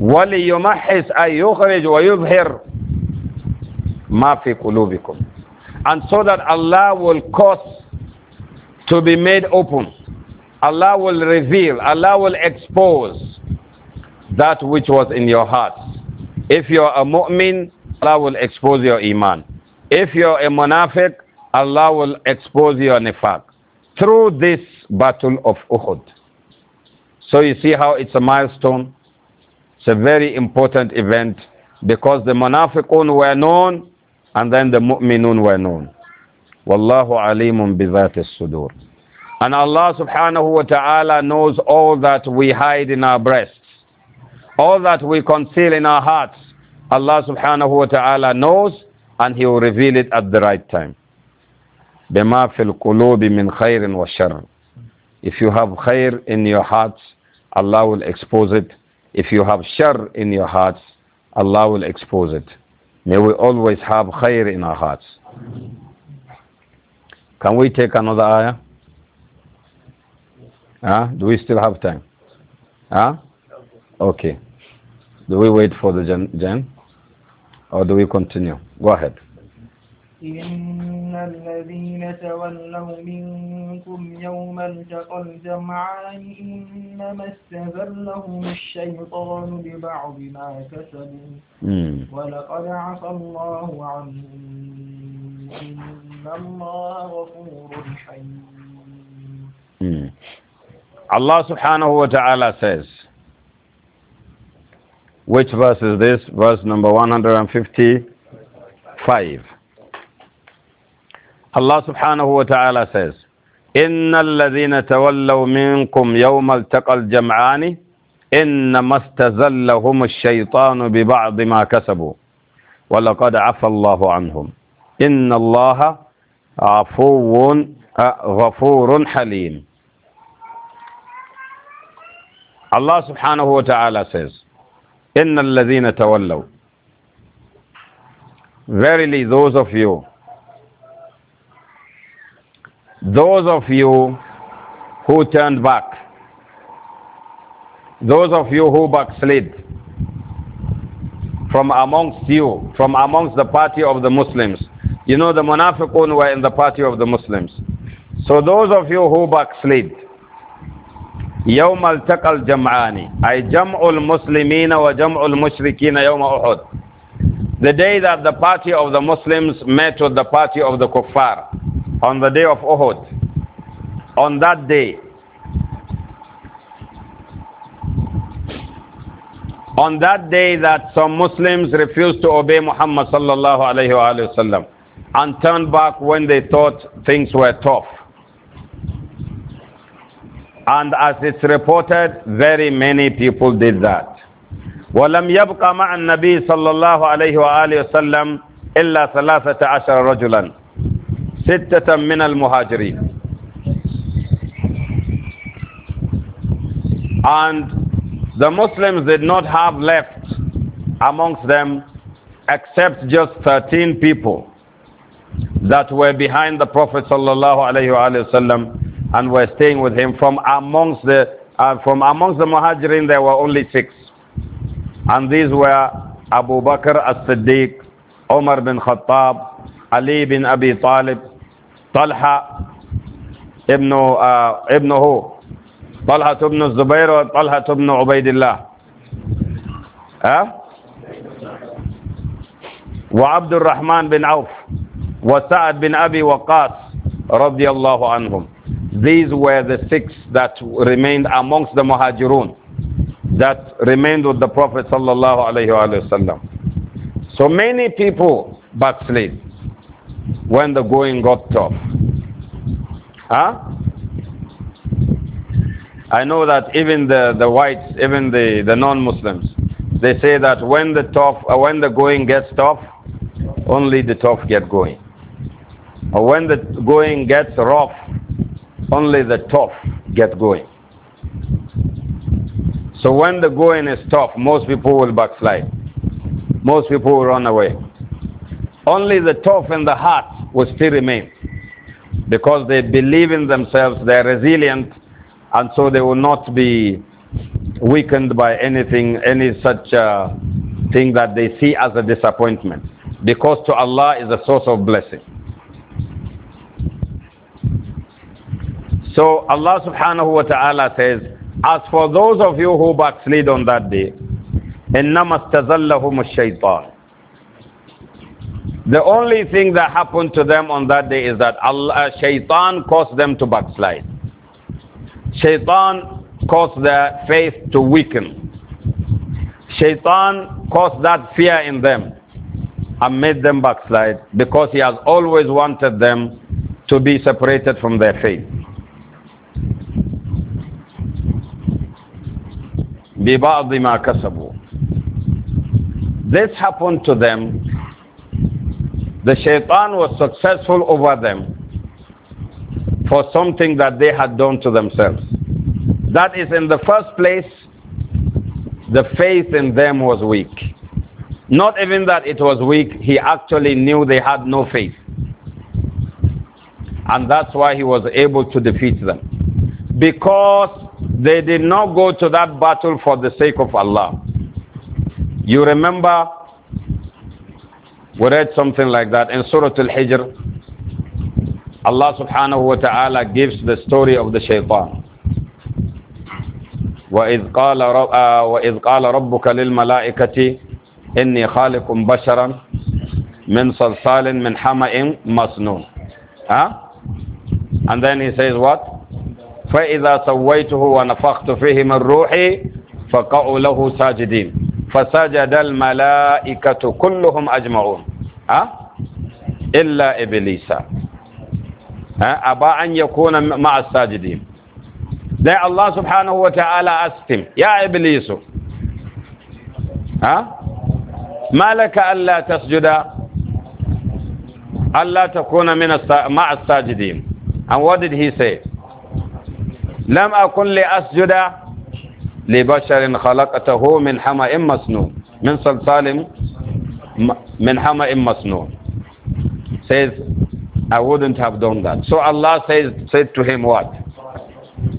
يُخْرِجْ وَيُظْهِرْ مَا فِي قُلُوبِكُمْ And so that Allah will cause to be made open. Allah will reveal, Allah will expose that which was in your hearts. If you're a mu'min, Allah will expose your iman. If you're a munafiq, Allah will expose your nifaq. Through this battle of Uhud. So you see how it's a milestone? It's a very important event because the munafiqun were known and then the mu'minun were known. Wallahu alimun bi sudur. And Allah subhanahu wa ta'ala knows all that we hide in our breasts, all that we conceal in our hearts. Allah subhanahu wa ta'ala knows and He will reveal it at the right time. بما في القلوب من خير وشر. If you have khair in your hearts, Allah will expose it if you have shar in your hearts, Allah will expose it. May we always have khair in our hearts. Can we take another ayah? Huh? Do we still have time? Huh? Okay. Do we wait for the Jan? Or do we continue? Go ahead. إن الذين تولوا منكم يوم التقى الجمعان إنما استذلهم الشيطان ببعض ما كسبوا ولقد عفى الله عنهم إن الله غفور حليم Allah subhanahu wa ta'ala says, which verse is this? Verse number 155. الله سبحانه وتعالى says, إِنَّ الَّذِينَ تَوَلَّوْا مِنْكُمْ يَوْمَ الْتَقَى الْجَمْعَانِ إِنَّمَا اسْتَزَلَّهُمُ الشَّيْطَانُ بِبَعْضِ مَا كَسَبُوا وَلَقَدْ عَفَى اللَّهُ عَنْهُمْ إِنَّ اللَّهَ عَفُوٌّ غَفُورٌ حَلِيمٌ الله سبحانه وتعالى says, إِنَّ الَّذِينَ تَوَلَّوْا Verily those of you Those of you who turned back, those of you who backslid from amongst you, from amongst the party of the Muslims. You know, the Munafiqun were in the party of the Muslims. So those of you who backslid, يوم التقى الجمعان أي جمع المسلمين وجمع المشركين يوم أحد the day that the party of the Muslims met with the party of the kuffar on the day of Uhud. On that day, on that day that some Muslims refused to obey Muhammad sallallahu alayhi wa sallam and turned back when they thought things were tough. And as it's reported, very many people did that. ولم يبق مع النبي صلى الله عليه وآله وسلم إلا ثلاثة عشر رجلاً ستة من المهاجرين and the Muslims did not have left amongst them except just 13 people that were behind the Prophet sallallahu and were staying with him from amongst the uh, from amongst the Muhajirin there were only six and these were Abu Bakr as-Siddiq, Umar bin Khattab, Ali bin Abi Talib, طلحة ابن آه ابنه طلحة ابن الزبير وطلحة ابن عبيد الله أه؟ وعبد الرحمن بن عوف وسعد بن أبي وقاص رضي الله عنهم these were the six that remained amongst the muhajirun that remained with the Prophet sallallahu عليه وسلم so many people backslid when the going got tough Huh? I know that even the, the whites, even the, the non-Muslims, they say that when the tough, uh, when the going gets tough, only the tough get going. Or when the going gets rough, only the tough get going. So when the going is tough, most people will backslide. Most people will run away. Only the tough in the heart will still remain because they believe in themselves, they are resilient, and so they will not be weakened by anything, any such uh, thing that they see as a disappointment. Because to Allah is a source of blessing. So Allah subhanahu wa ta'ala says, As for those of you who backslid on that day, إِنَّمَا اسْتَزَلَّهُمُ الشَّيْطَانُ the only thing that happened to them on that day is that Allah, shaitan caused them to backslide. Shaitan caused their faith to weaken. Shaitan caused that fear in them and made them backslide because he has always wanted them to be separated from their faith. بِبَعْضِ مَا كَسَبُوا This happened to them the shaitan was successful over them for something that they had done to themselves. That is, in the first place, the faith in them was weak. Not even that it was weak, he actually knew they had no faith. And that's why he was able to defeat them. Because they did not go to that battle for the sake of Allah. You remember we read something like that in Surah Al-Hijr. Allah subhanahu wa ta'ala gives the story of the Shaytan. وَإِذْ قَالَ, رب... وَإِذْ قَالَ رَبُّكَ لِلْمَلَائِكَةِ إِنِّي خَالِقٌ بَشَرًا مِنْ صَلْصَالٍ مِنْ حَمَئٍ مَصْنُونٍ huh? And then he says what? فَإِذَا سَوَّيْتُهُ وَنَفَخْتُ فِيهِ مِنْ رُوحِي فَقَعُوا لَهُ سَاجِدِينَ فسجد الملائكة كلهم أجمعون أه؟ إلا إبليس أه؟ أبى أن يكون مع الساجدين لا الله سبحانه وتعالى أستم يا إبليس أه؟ ما لك ألا تسجد ألا تكون من مع الساجدين and what did he say لم أكن لأسجد لبشر خلقته من حمأ مسنون من صلصال من حمأ مسنون says I wouldn't have done that so Allah says said to him what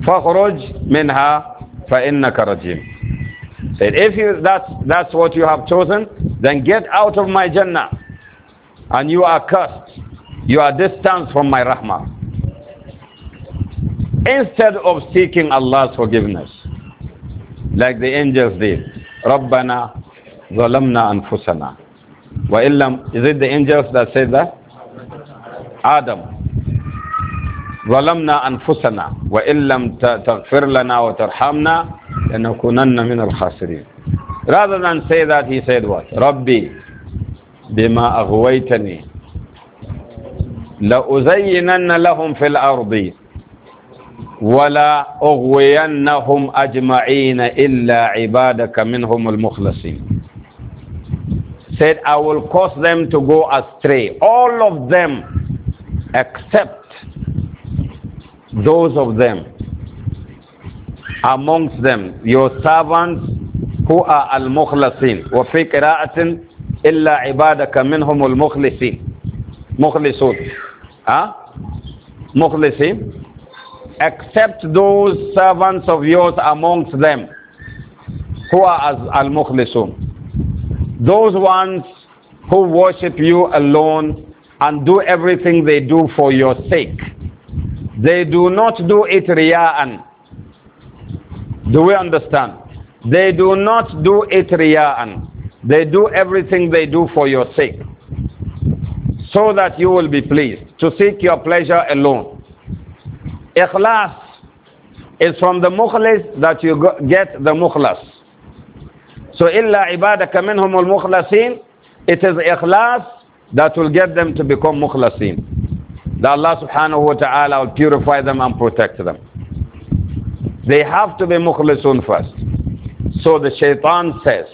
فخرج منها فإنك رجيم said if you that's that's what you have chosen then get out of my Jannah and you are cursed you are distanced from my rahmah instead of seeking Allah's forgiveness like the angels did. ربنا ظلمنا أنفسنا. وإلا is it the angels that said that? Adam. ظلمنا أنفسنا وإن لم تغفر لنا وترحمنا لنكونن من الخاسرين Rather than say that, he said what? ربي بما أغويتني لأزينن لهم في الأرض ولا أغوينهم أجمعين إلا عبادك منهم المخلصين said I will cause them to go astray all of them except those of them amongst them your servants who are al وفي قراءة إلا عبادك منهم المخلصين مخلصون ها مخلصين except those servants of yours amongst them who are as al-mukhlisun. Those ones who worship you alone and do everything they do for your sake. They do not do it riya'an. Do we understand? They do not do it riya'an. They do everything they do for your sake. So that you will be pleased. To seek your pleasure alone. Ikhlas is from the mukhlis that you get the mukhlas. So illa ibadaka minhumul mukhlasin, it is ikhlas that will get them to become mukhlasin. That Allah subhanahu wa ta'ala will purify them and protect them. They have to be mukhlisun first. So the shaitan says,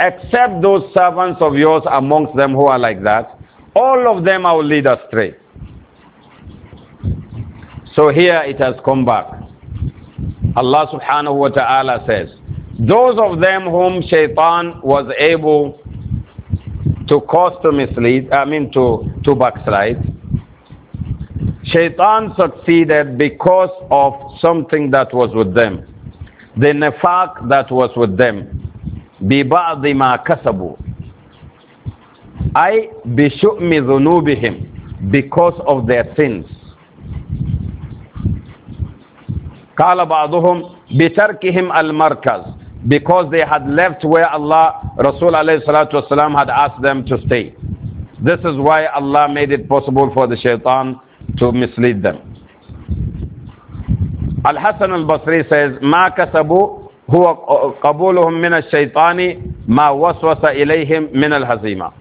except those servants of yours amongst them who are like that, all of them I will lead astray. So here it has come back. Allah subhanahu wa ta'ala says, Those of them whom shaitan was able to cause to mislead, I mean to, to backslide, shaitan succeeded because of something that was with them. The nefaq that was with them. بِبَعْضِ مَا كَسَبُوا أي بِشُؤْمِ ذُنُوبِهِمْ Because of their sins. قال بعضهم بتركهم المركز because they had left where Allah Rasul الله عليه وسلم had asked them to stay. This is why Allah made it possible for the shaitan to mislead them. Al-Hasan al-Basri says, ما كسبوا هو قبولهم من الشيطان ما وسوس إليهم من الهزيمة.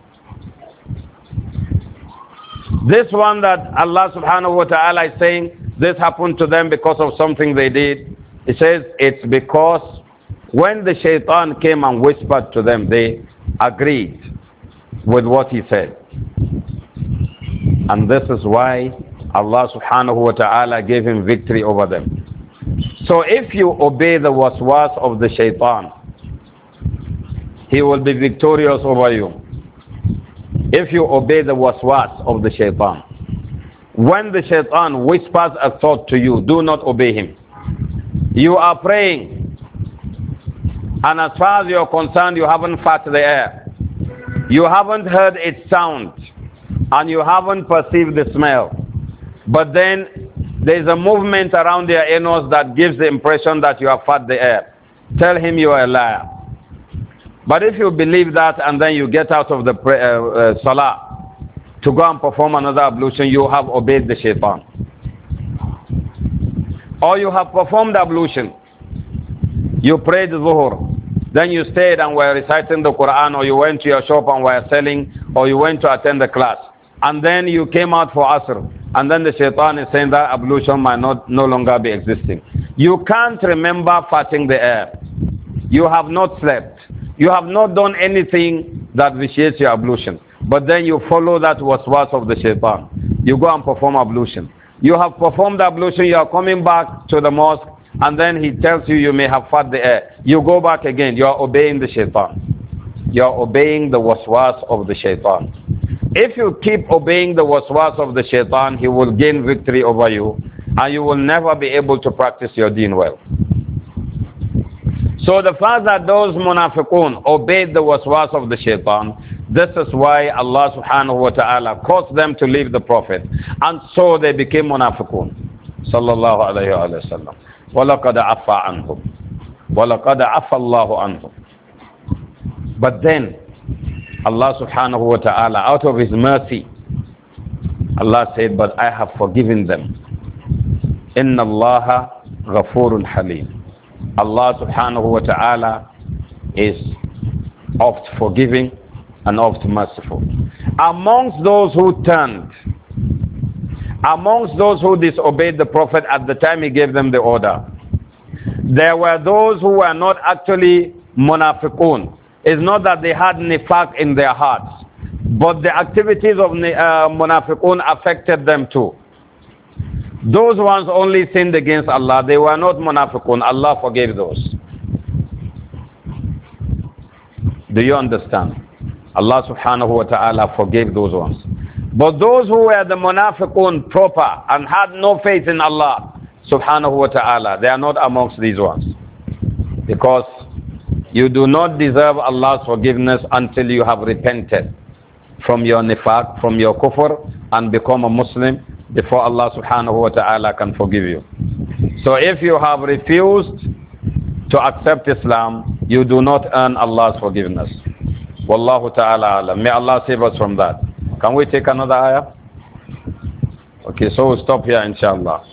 This one that Allah subhanahu wa ta'ala is saying, this happened to them because of something they did. He says it's because when the shaitan came and whispered to them, they agreed with what he said. And this is why Allah subhanahu wa ta'ala gave him victory over them. So if you obey the waswas of the shaitan, he will be victorious over you. If you obey the waswas of the shaitan, when the shaitan whispers a thought to you, do not obey him. You are praying, and as far as you're concerned, you haven't fought the air. You haven't heard its sound, and you haven't perceived the smell. But then there is a movement around your anus that gives the impression that you have fought the air. Tell him you are a liar. But if you believe that and then you get out of the uh, uh, salah to go and perform another ablution, you have obeyed the shaitan. Or you have performed ablution. You prayed Zuhur. Then you stayed and were reciting the Quran, or you went to your shop and were selling, or you went to attend the class. And then you came out for Asr. And then the shaitan is saying that ablution might not, no longer be existing. You can't remember fighting the air. You have not slept. You have not done anything that vitiates your ablution. But then you follow that waswas of the shaitan. You go and perform ablution. You have performed ablution, you are coming back to the mosque, and then he tells you you may have fought the air. You go back again, you are obeying the shaitan. You are obeying the waswas of the shaitan. If you keep obeying the waswas of the shaitan, he will gain victory over you, and you will never be able to practice your deen well. So the fact that those munafiqun obeyed the waswas of the shaitan this is why Allah subhanahu wa ta'ala caused them to leave the Prophet. And so they became munafiqun. Sallallahu alayhi wa sallam. وَلَقَدْ عَفَى عَنْهُمْ وَلَقَدْ عَفَى اللَّهُ عَنْهُمْ But then, Allah subhanahu wa ta'ala, out of His mercy, Allah said, but I have forgiven them. إِنَّ اللَّهَ غَفُورٌ حَلِيمٌ Allah subhanahu wa ta'ala is oft forgiving and oft merciful. Amongst those who turned, amongst those who disobeyed the Prophet at the time he gave them the order, there were those who were not actually munafiqun. It's not that they had nifaq in their hearts, but the activities of uh, munafiqun affected them too. Those ones only sinned against Allah. They were not munafiqun. Allah forgave those. Do you understand? Allah subhanahu wa ta'ala forgave those ones. But those who were the munafiqun proper and had no faith in Allah subhanahu wa ta'ala, they are not amongst these ones. Because you do not deserve Allah's forgiveness until you have repented from your nifaq, from your kufr, and become a Muslim before Allah subhanahu wa ta'ala can forgive you. So if you have refused to accept Islam, you do not earn Allah's forgiveness. Wallahu ta'ala alam. May Allah save us from that. Can we take another ayah? Okay, so we'll stop here inshallah.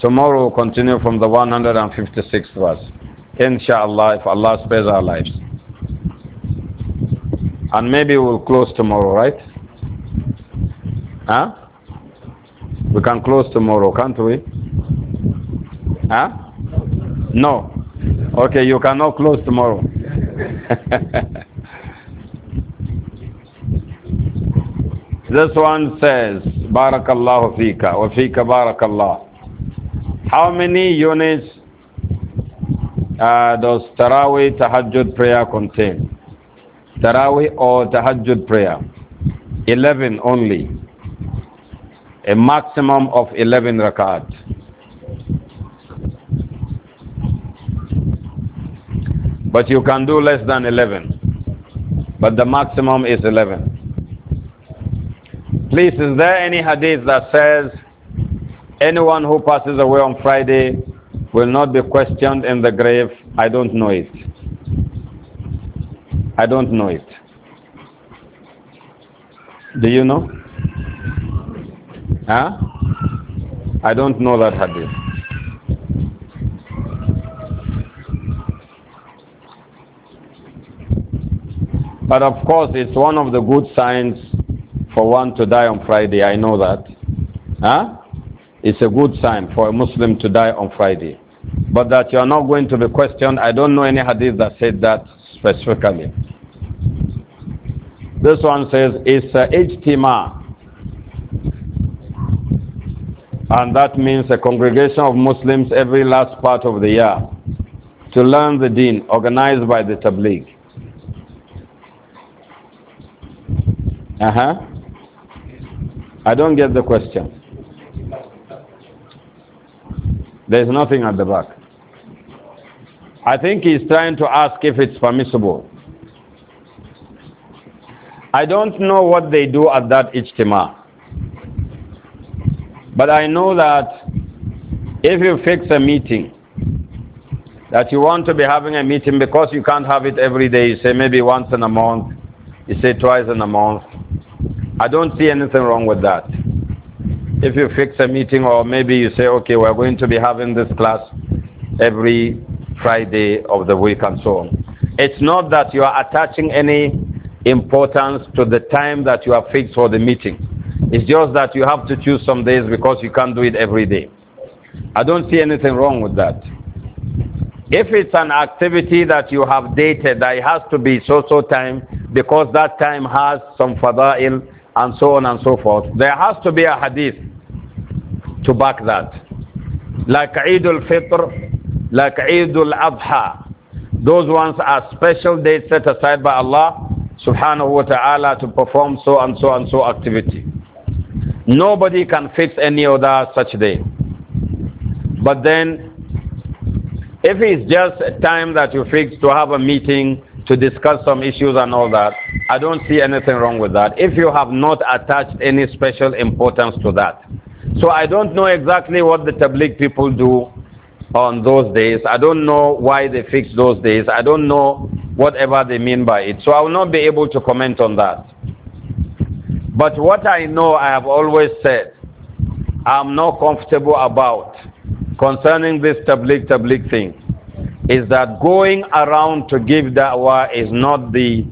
Tomorrow we'll continue from the 156th verse. Inshallah, if Allah spares our lives. And maybe we'll close tomorrow, right? Huh? We can close tomorrow, can't we? Huh? No. Okay, you cannot close tomorrow. This one says, Barakallahu fika, wa fika barakallah. How many units uh, does Taraweeh Tahajjud prayer contain? Taraweeh or Tahajjud prayer? 11 only. A maximum of 11 rakat. But you can do less than 11. But the maximum is 11. Please, is there any hadith that says anyone who passes away on Friday will not be questioned in the grave? I don't know it. I don't know it. Do you know? Huh? I don't know that hadith. But of course, it's one of the good signs for one to die on Friday, I know that. Huh? It's a good sign for a Muslim to die on Friday. But that you are not going to be questioned, I don't know any hadith that said that specifically. This one says it's a And that means a congregation of Muslims every last part of the year to learn the deen organized by the tabligh. Uh-huh. I don't get the question. There is nothing at the back. I think he's trying to ask if it's permissible. I don't know what they do at that ijtima. But I know that if you fix a meeting, that you want to be having a meeting because you can't have it every day, you say maybe once in a month, you say twice in a month, I don't see anything wrong with that. If you fix a meeting or maybe you say, okay, we're going to be having this class every Friday of the week and so on. It's not that you are attaching any importance to the time that you have fixed for the meeting. It's just that you have to choose some days because you can't do it every day. I don't see anything wrong with that. If it's an activity that you have dated that it has to be so so time because that time has some fada'il and so on and so forth. There has to be a hadith to back that. Like Eid al-Fitr, like Eid al-Adha. Those ones are special days set aside by Allah subhanahu wa ta'ala to perform so and so and so activity. Nobody can fix any other such day. But then, if it's just a time that you fix to have a meeting to discuss some issues and all that, I don't see anything wrong with that. If you have not attached any special importance to that. So I don't know exactly what the Tabligh people do on those days. I don't know why they fix those days. I don't know whatever they mean by it. So I will not be able to comment on that. But what I know, I have always said, I'm not comfortable about concerning this tabligh tabligh thing is that going around to give da'wah is not the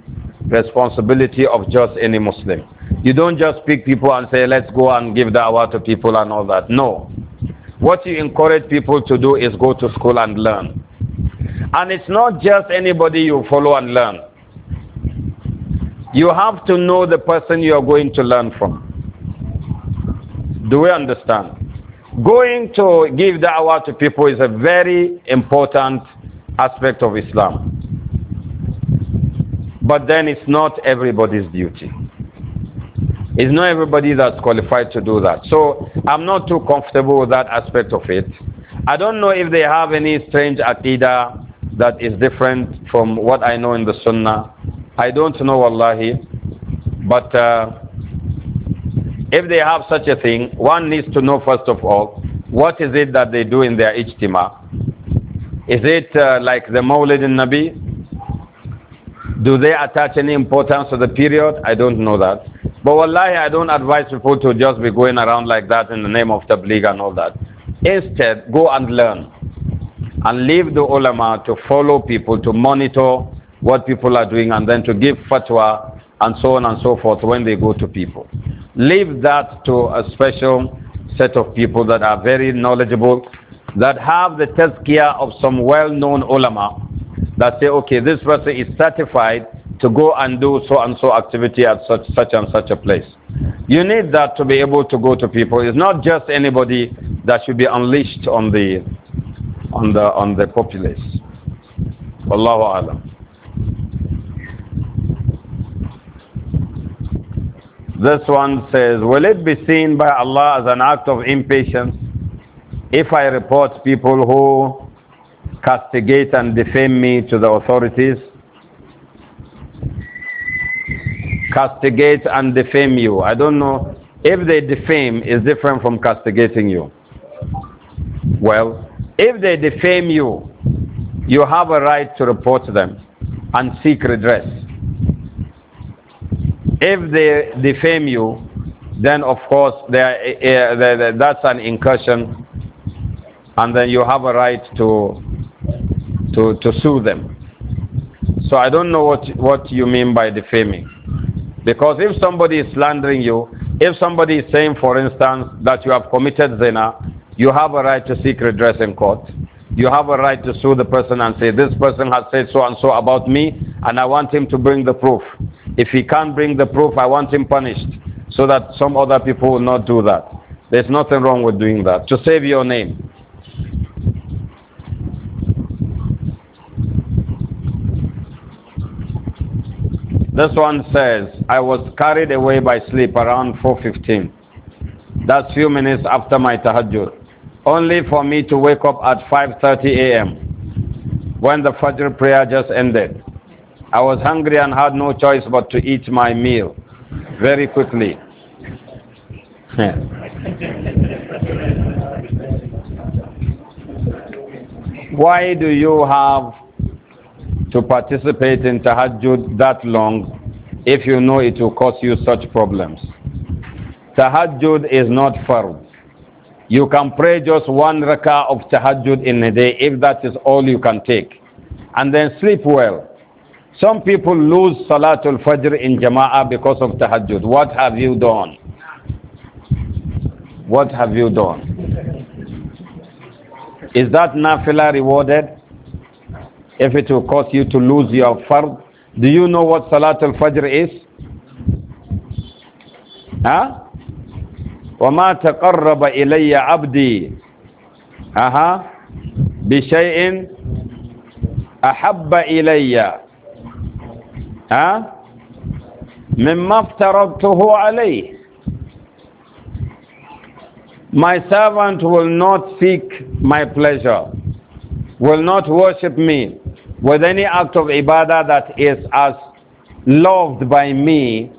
responsibility of just any Muslim. You don't just pick people and say, let's go and give da'wah to people and all that. No. What you encourage people to do is go to school and learn. And it's not just anybody you follow and learn. You have to know the person you are going to learn from. Do we understand? Going to give da'wah to people is a very important aspect of Islam. But then it's not everybody's duty. It's not everybody that's qualified to do that. So I'm not too comfortable with that aspect of it. I don't know if they have any strange aqidah that is different from what I know in the Sunnah. I don't know, Wallahi. But uh, if they have such a thing, one needs to know first of all, what is it that they do in their ijtima? Is it uh, like the Mawlid in Nabi? Do they attach any importance to the period? I don't know that. But wallahi, I don't advise people to just be going around like that in the name of tabligh and all that. Instead, go and learn. And leave the ulama to follow people, to monitor what people are doing, and then to give fatwa and so on and so forth when they go to people. Leave that to a special set of people that are very knowledgeable, that have the tazkiyah of some well known ulama that say, okay, this person is certified to go and do so and so activity at such, such and such a place. You need that to be able to go to people. It's not just anybody that should be unleashed on the on the on the populace. Wallahu alam. This one says, Will it be seen by Allah as an act of impatience if I report people who castigate and defame me to the authorities? Castigate and defame you. I don't know. If they defame, is different from castigating you. Well, if they defame you, you have a right to report them and seek redress. If they defame you, then of course are, uh, that's an incursion, and then you have a right to to, to sue them. So I don't know what, what you mean by defaming. Because if somebody is slandering you, if somebody is saying, for instance, that you have committed zina, you have a right to seek redress in court. You have a right to sue the person and say, this person has said so and so about me, and I want him to bring the proof. If he can't bring the proof, I want him punished so that some other people will not do that. There's nothing wrong with doing that to save your name. This one says, I was carried away by sleep around 4.15. That's few minutes after my tahajjud. Only for me to wake up at 5.30 a.m. when the Fajr prayer just ended. I was hungry and had no choice but to eat my meal very quickly. Why do you have to participate in tahajjud that long if you know it will cause you such problems. Tahajjud is not fard. You can pray just one rakah of tahajjud in a day if that is all you can take. And then sleep well. Some people lose Salatul Fajr in Jama'ah because of tahajjud. What have you done? What have you done? Is that nafila rewarded? if it will cause you to lose your fard. Do you know what Salatul Fajr is? Huh? وما تقرب إلي عبدي أها بشيء أحب إلي ها مما افترضته عليه My servant will not seek my pleasure, will not worship me with any act of ibadah that is as loved by me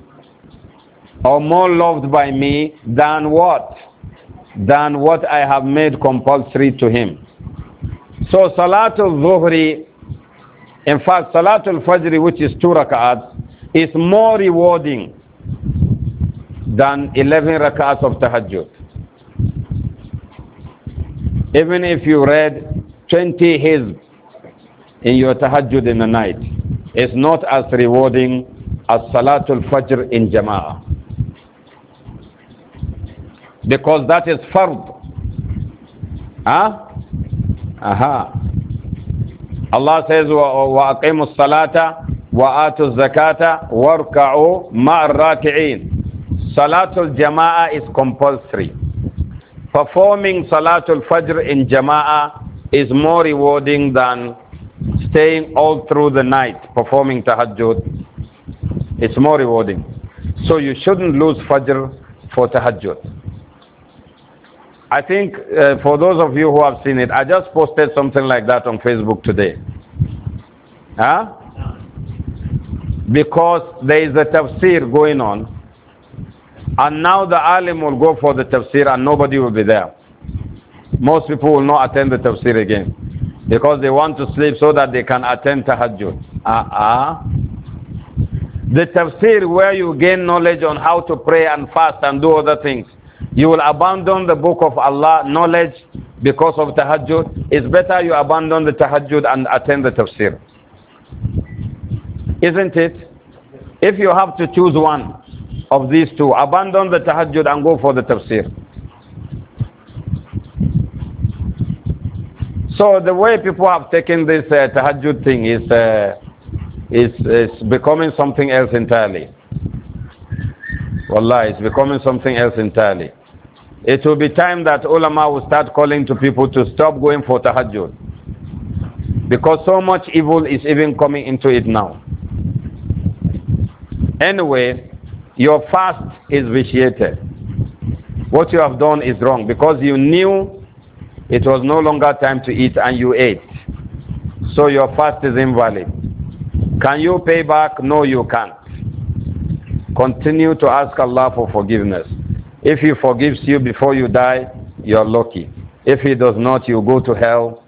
or more loved by me than what? Than what I have made compulsory to him. So Salatul Dhuhri, in fact Salatul Fajr which is two rak'ats, is more rewarding than 11 rak'ats of Tahajjud. Even if you read 20 hizb in your tahajjud in the night is not as rewarding as Salatul Fajr in Jama'ah. Because that is fard. Huh? Aha. Allah says, وَأَقِيمُوا الصَّلَاةَ وَآتُوا الزَّكَاةَ وَارْكَعُوا مَعَ الرَّاكِعِينَ Salatul Jama'ah is compulsory. Performing Salatul Fajr in Jama'ah is more rewarding than staying all through the night performing tahajjud, it's more rewarding. So you shouldn't lose Fajr for tahajjud. I think uh, for those of you who have seen it, I just posted something like that on Facebook today. Huh? Because there is a tafsir going on, and now the alim will go for the tafsir and nobody will be there. Most people will not attend the tafsir again because they want to sleep so that they can attend tahajjud. Ah, uh, uh The tafsir where you gain knowledge on how to pray and fast and do other things. You will abandon the book of Allah knowledge because of tahajjud. It's better you abandon the tahajjud and attend the tafsir. Isn't it? If you have to choose one of these two, abandon the tahajjud and go for the tafsir. So the way people have taken this uh, tahajjud thing is, uh, is, is becoming something else entirely. Wallah, it's becoming something else entirely. It will be time that ulama will start calling to people to stop going for tahajjud. Because so much evil is even coming into it now. Anyway, your fast is vitiated. What you have done is wrong because you knew it was no longer time to eat and you ate. So your fast is invalid. Can you pay back? No, you can't. Continue to ask Allah for forgiveness. If He forgives you before you die, you're lucky. If He does not, you go to hell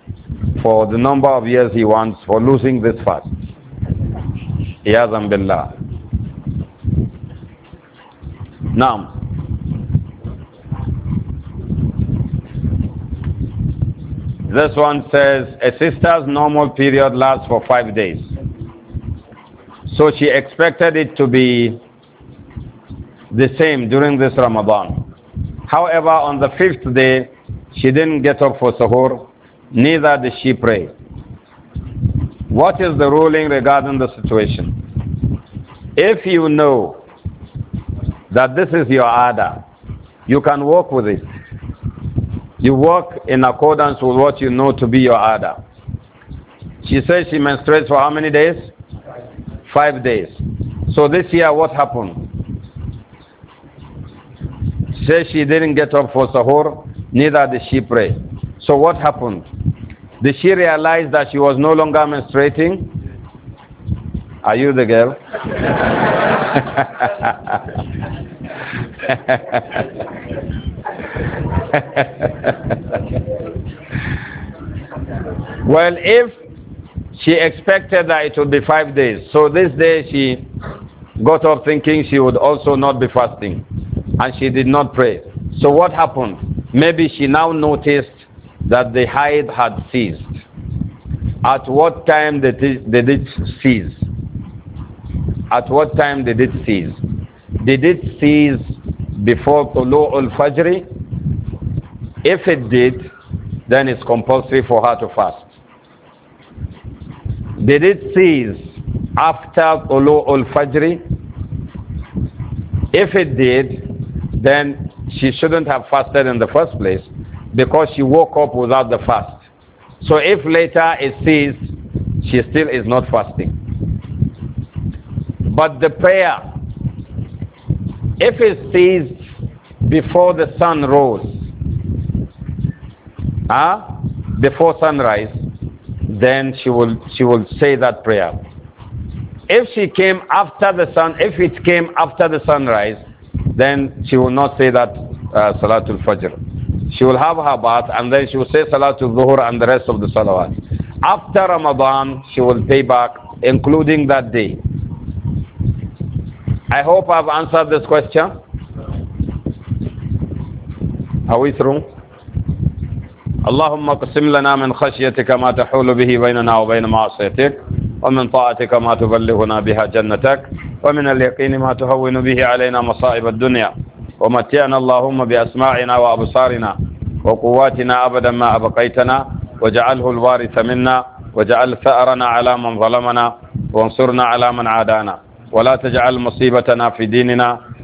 for the number of years He wants for losing this fast. Yazam billah. Now, This one says a sister's normal period lasts for five days. So she expected it to be the same during this Ramadan. However, on the fifth day, she didn't get up for suhoor, neither did she pray. What is the ruling regarding the situation? If you know that this is your ada, you can work with it. You work in accordance with what you know to be your ada. She says she menstruates for how many days? Five days. So this year, what happened? She says she didn't get up for sahur, neither did she pray. So what happened? Did she realize that she was no longer menstruating? Are you the girl? well, if she expected that it would be five days, so this day she got up thinking she would also not be fasting, and she did not pray. So what happened? Maybe she now noticed that the hide had ceased. At what time did it, cease? At what time did it cease? Did it cease before al Fajr if it did, then it's compulsory for her to fast. Did it cease after Ulu ul Fajri? If it did, then she shouldn't have fasted in the first place because she woke up without the fast. So if later it ceased, she still is not fasting. But the prayer, if it ceased before the sun rose, ah, uh, before sunrise, then she will, she will say that prayer. If she came after the sun, if it came after the sunrise, then she will not say that uh, Salatul Fajr. She will have her bath and then she will say Salatul Dhuhr and the rest of the Salawat. After Ramadan, she will pay back, including that day. I hope I've answered this question. Are we through? اللهم اقسم لنا من خشيتك ما تحول به بيننا وبين معصيتك ومن طاعتك ما تبلغنا بها جنتك ومن اليقين ما تهون به علينا مصائب الدنيا ومتعنا اللهم بأسماعنا وأبصارنا وقواتنا أبدا ما أبقيتنا واجعله الوارث منا واجعل ثأرنا على من ظلمنا وانصرنا على من عادانا ولا تجعل مصيبتنا في ديننا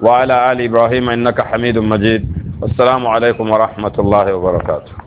وعلى آل إبراهيم إنك حميد مجيد والسلام عليكم ورحمة الله وبركاته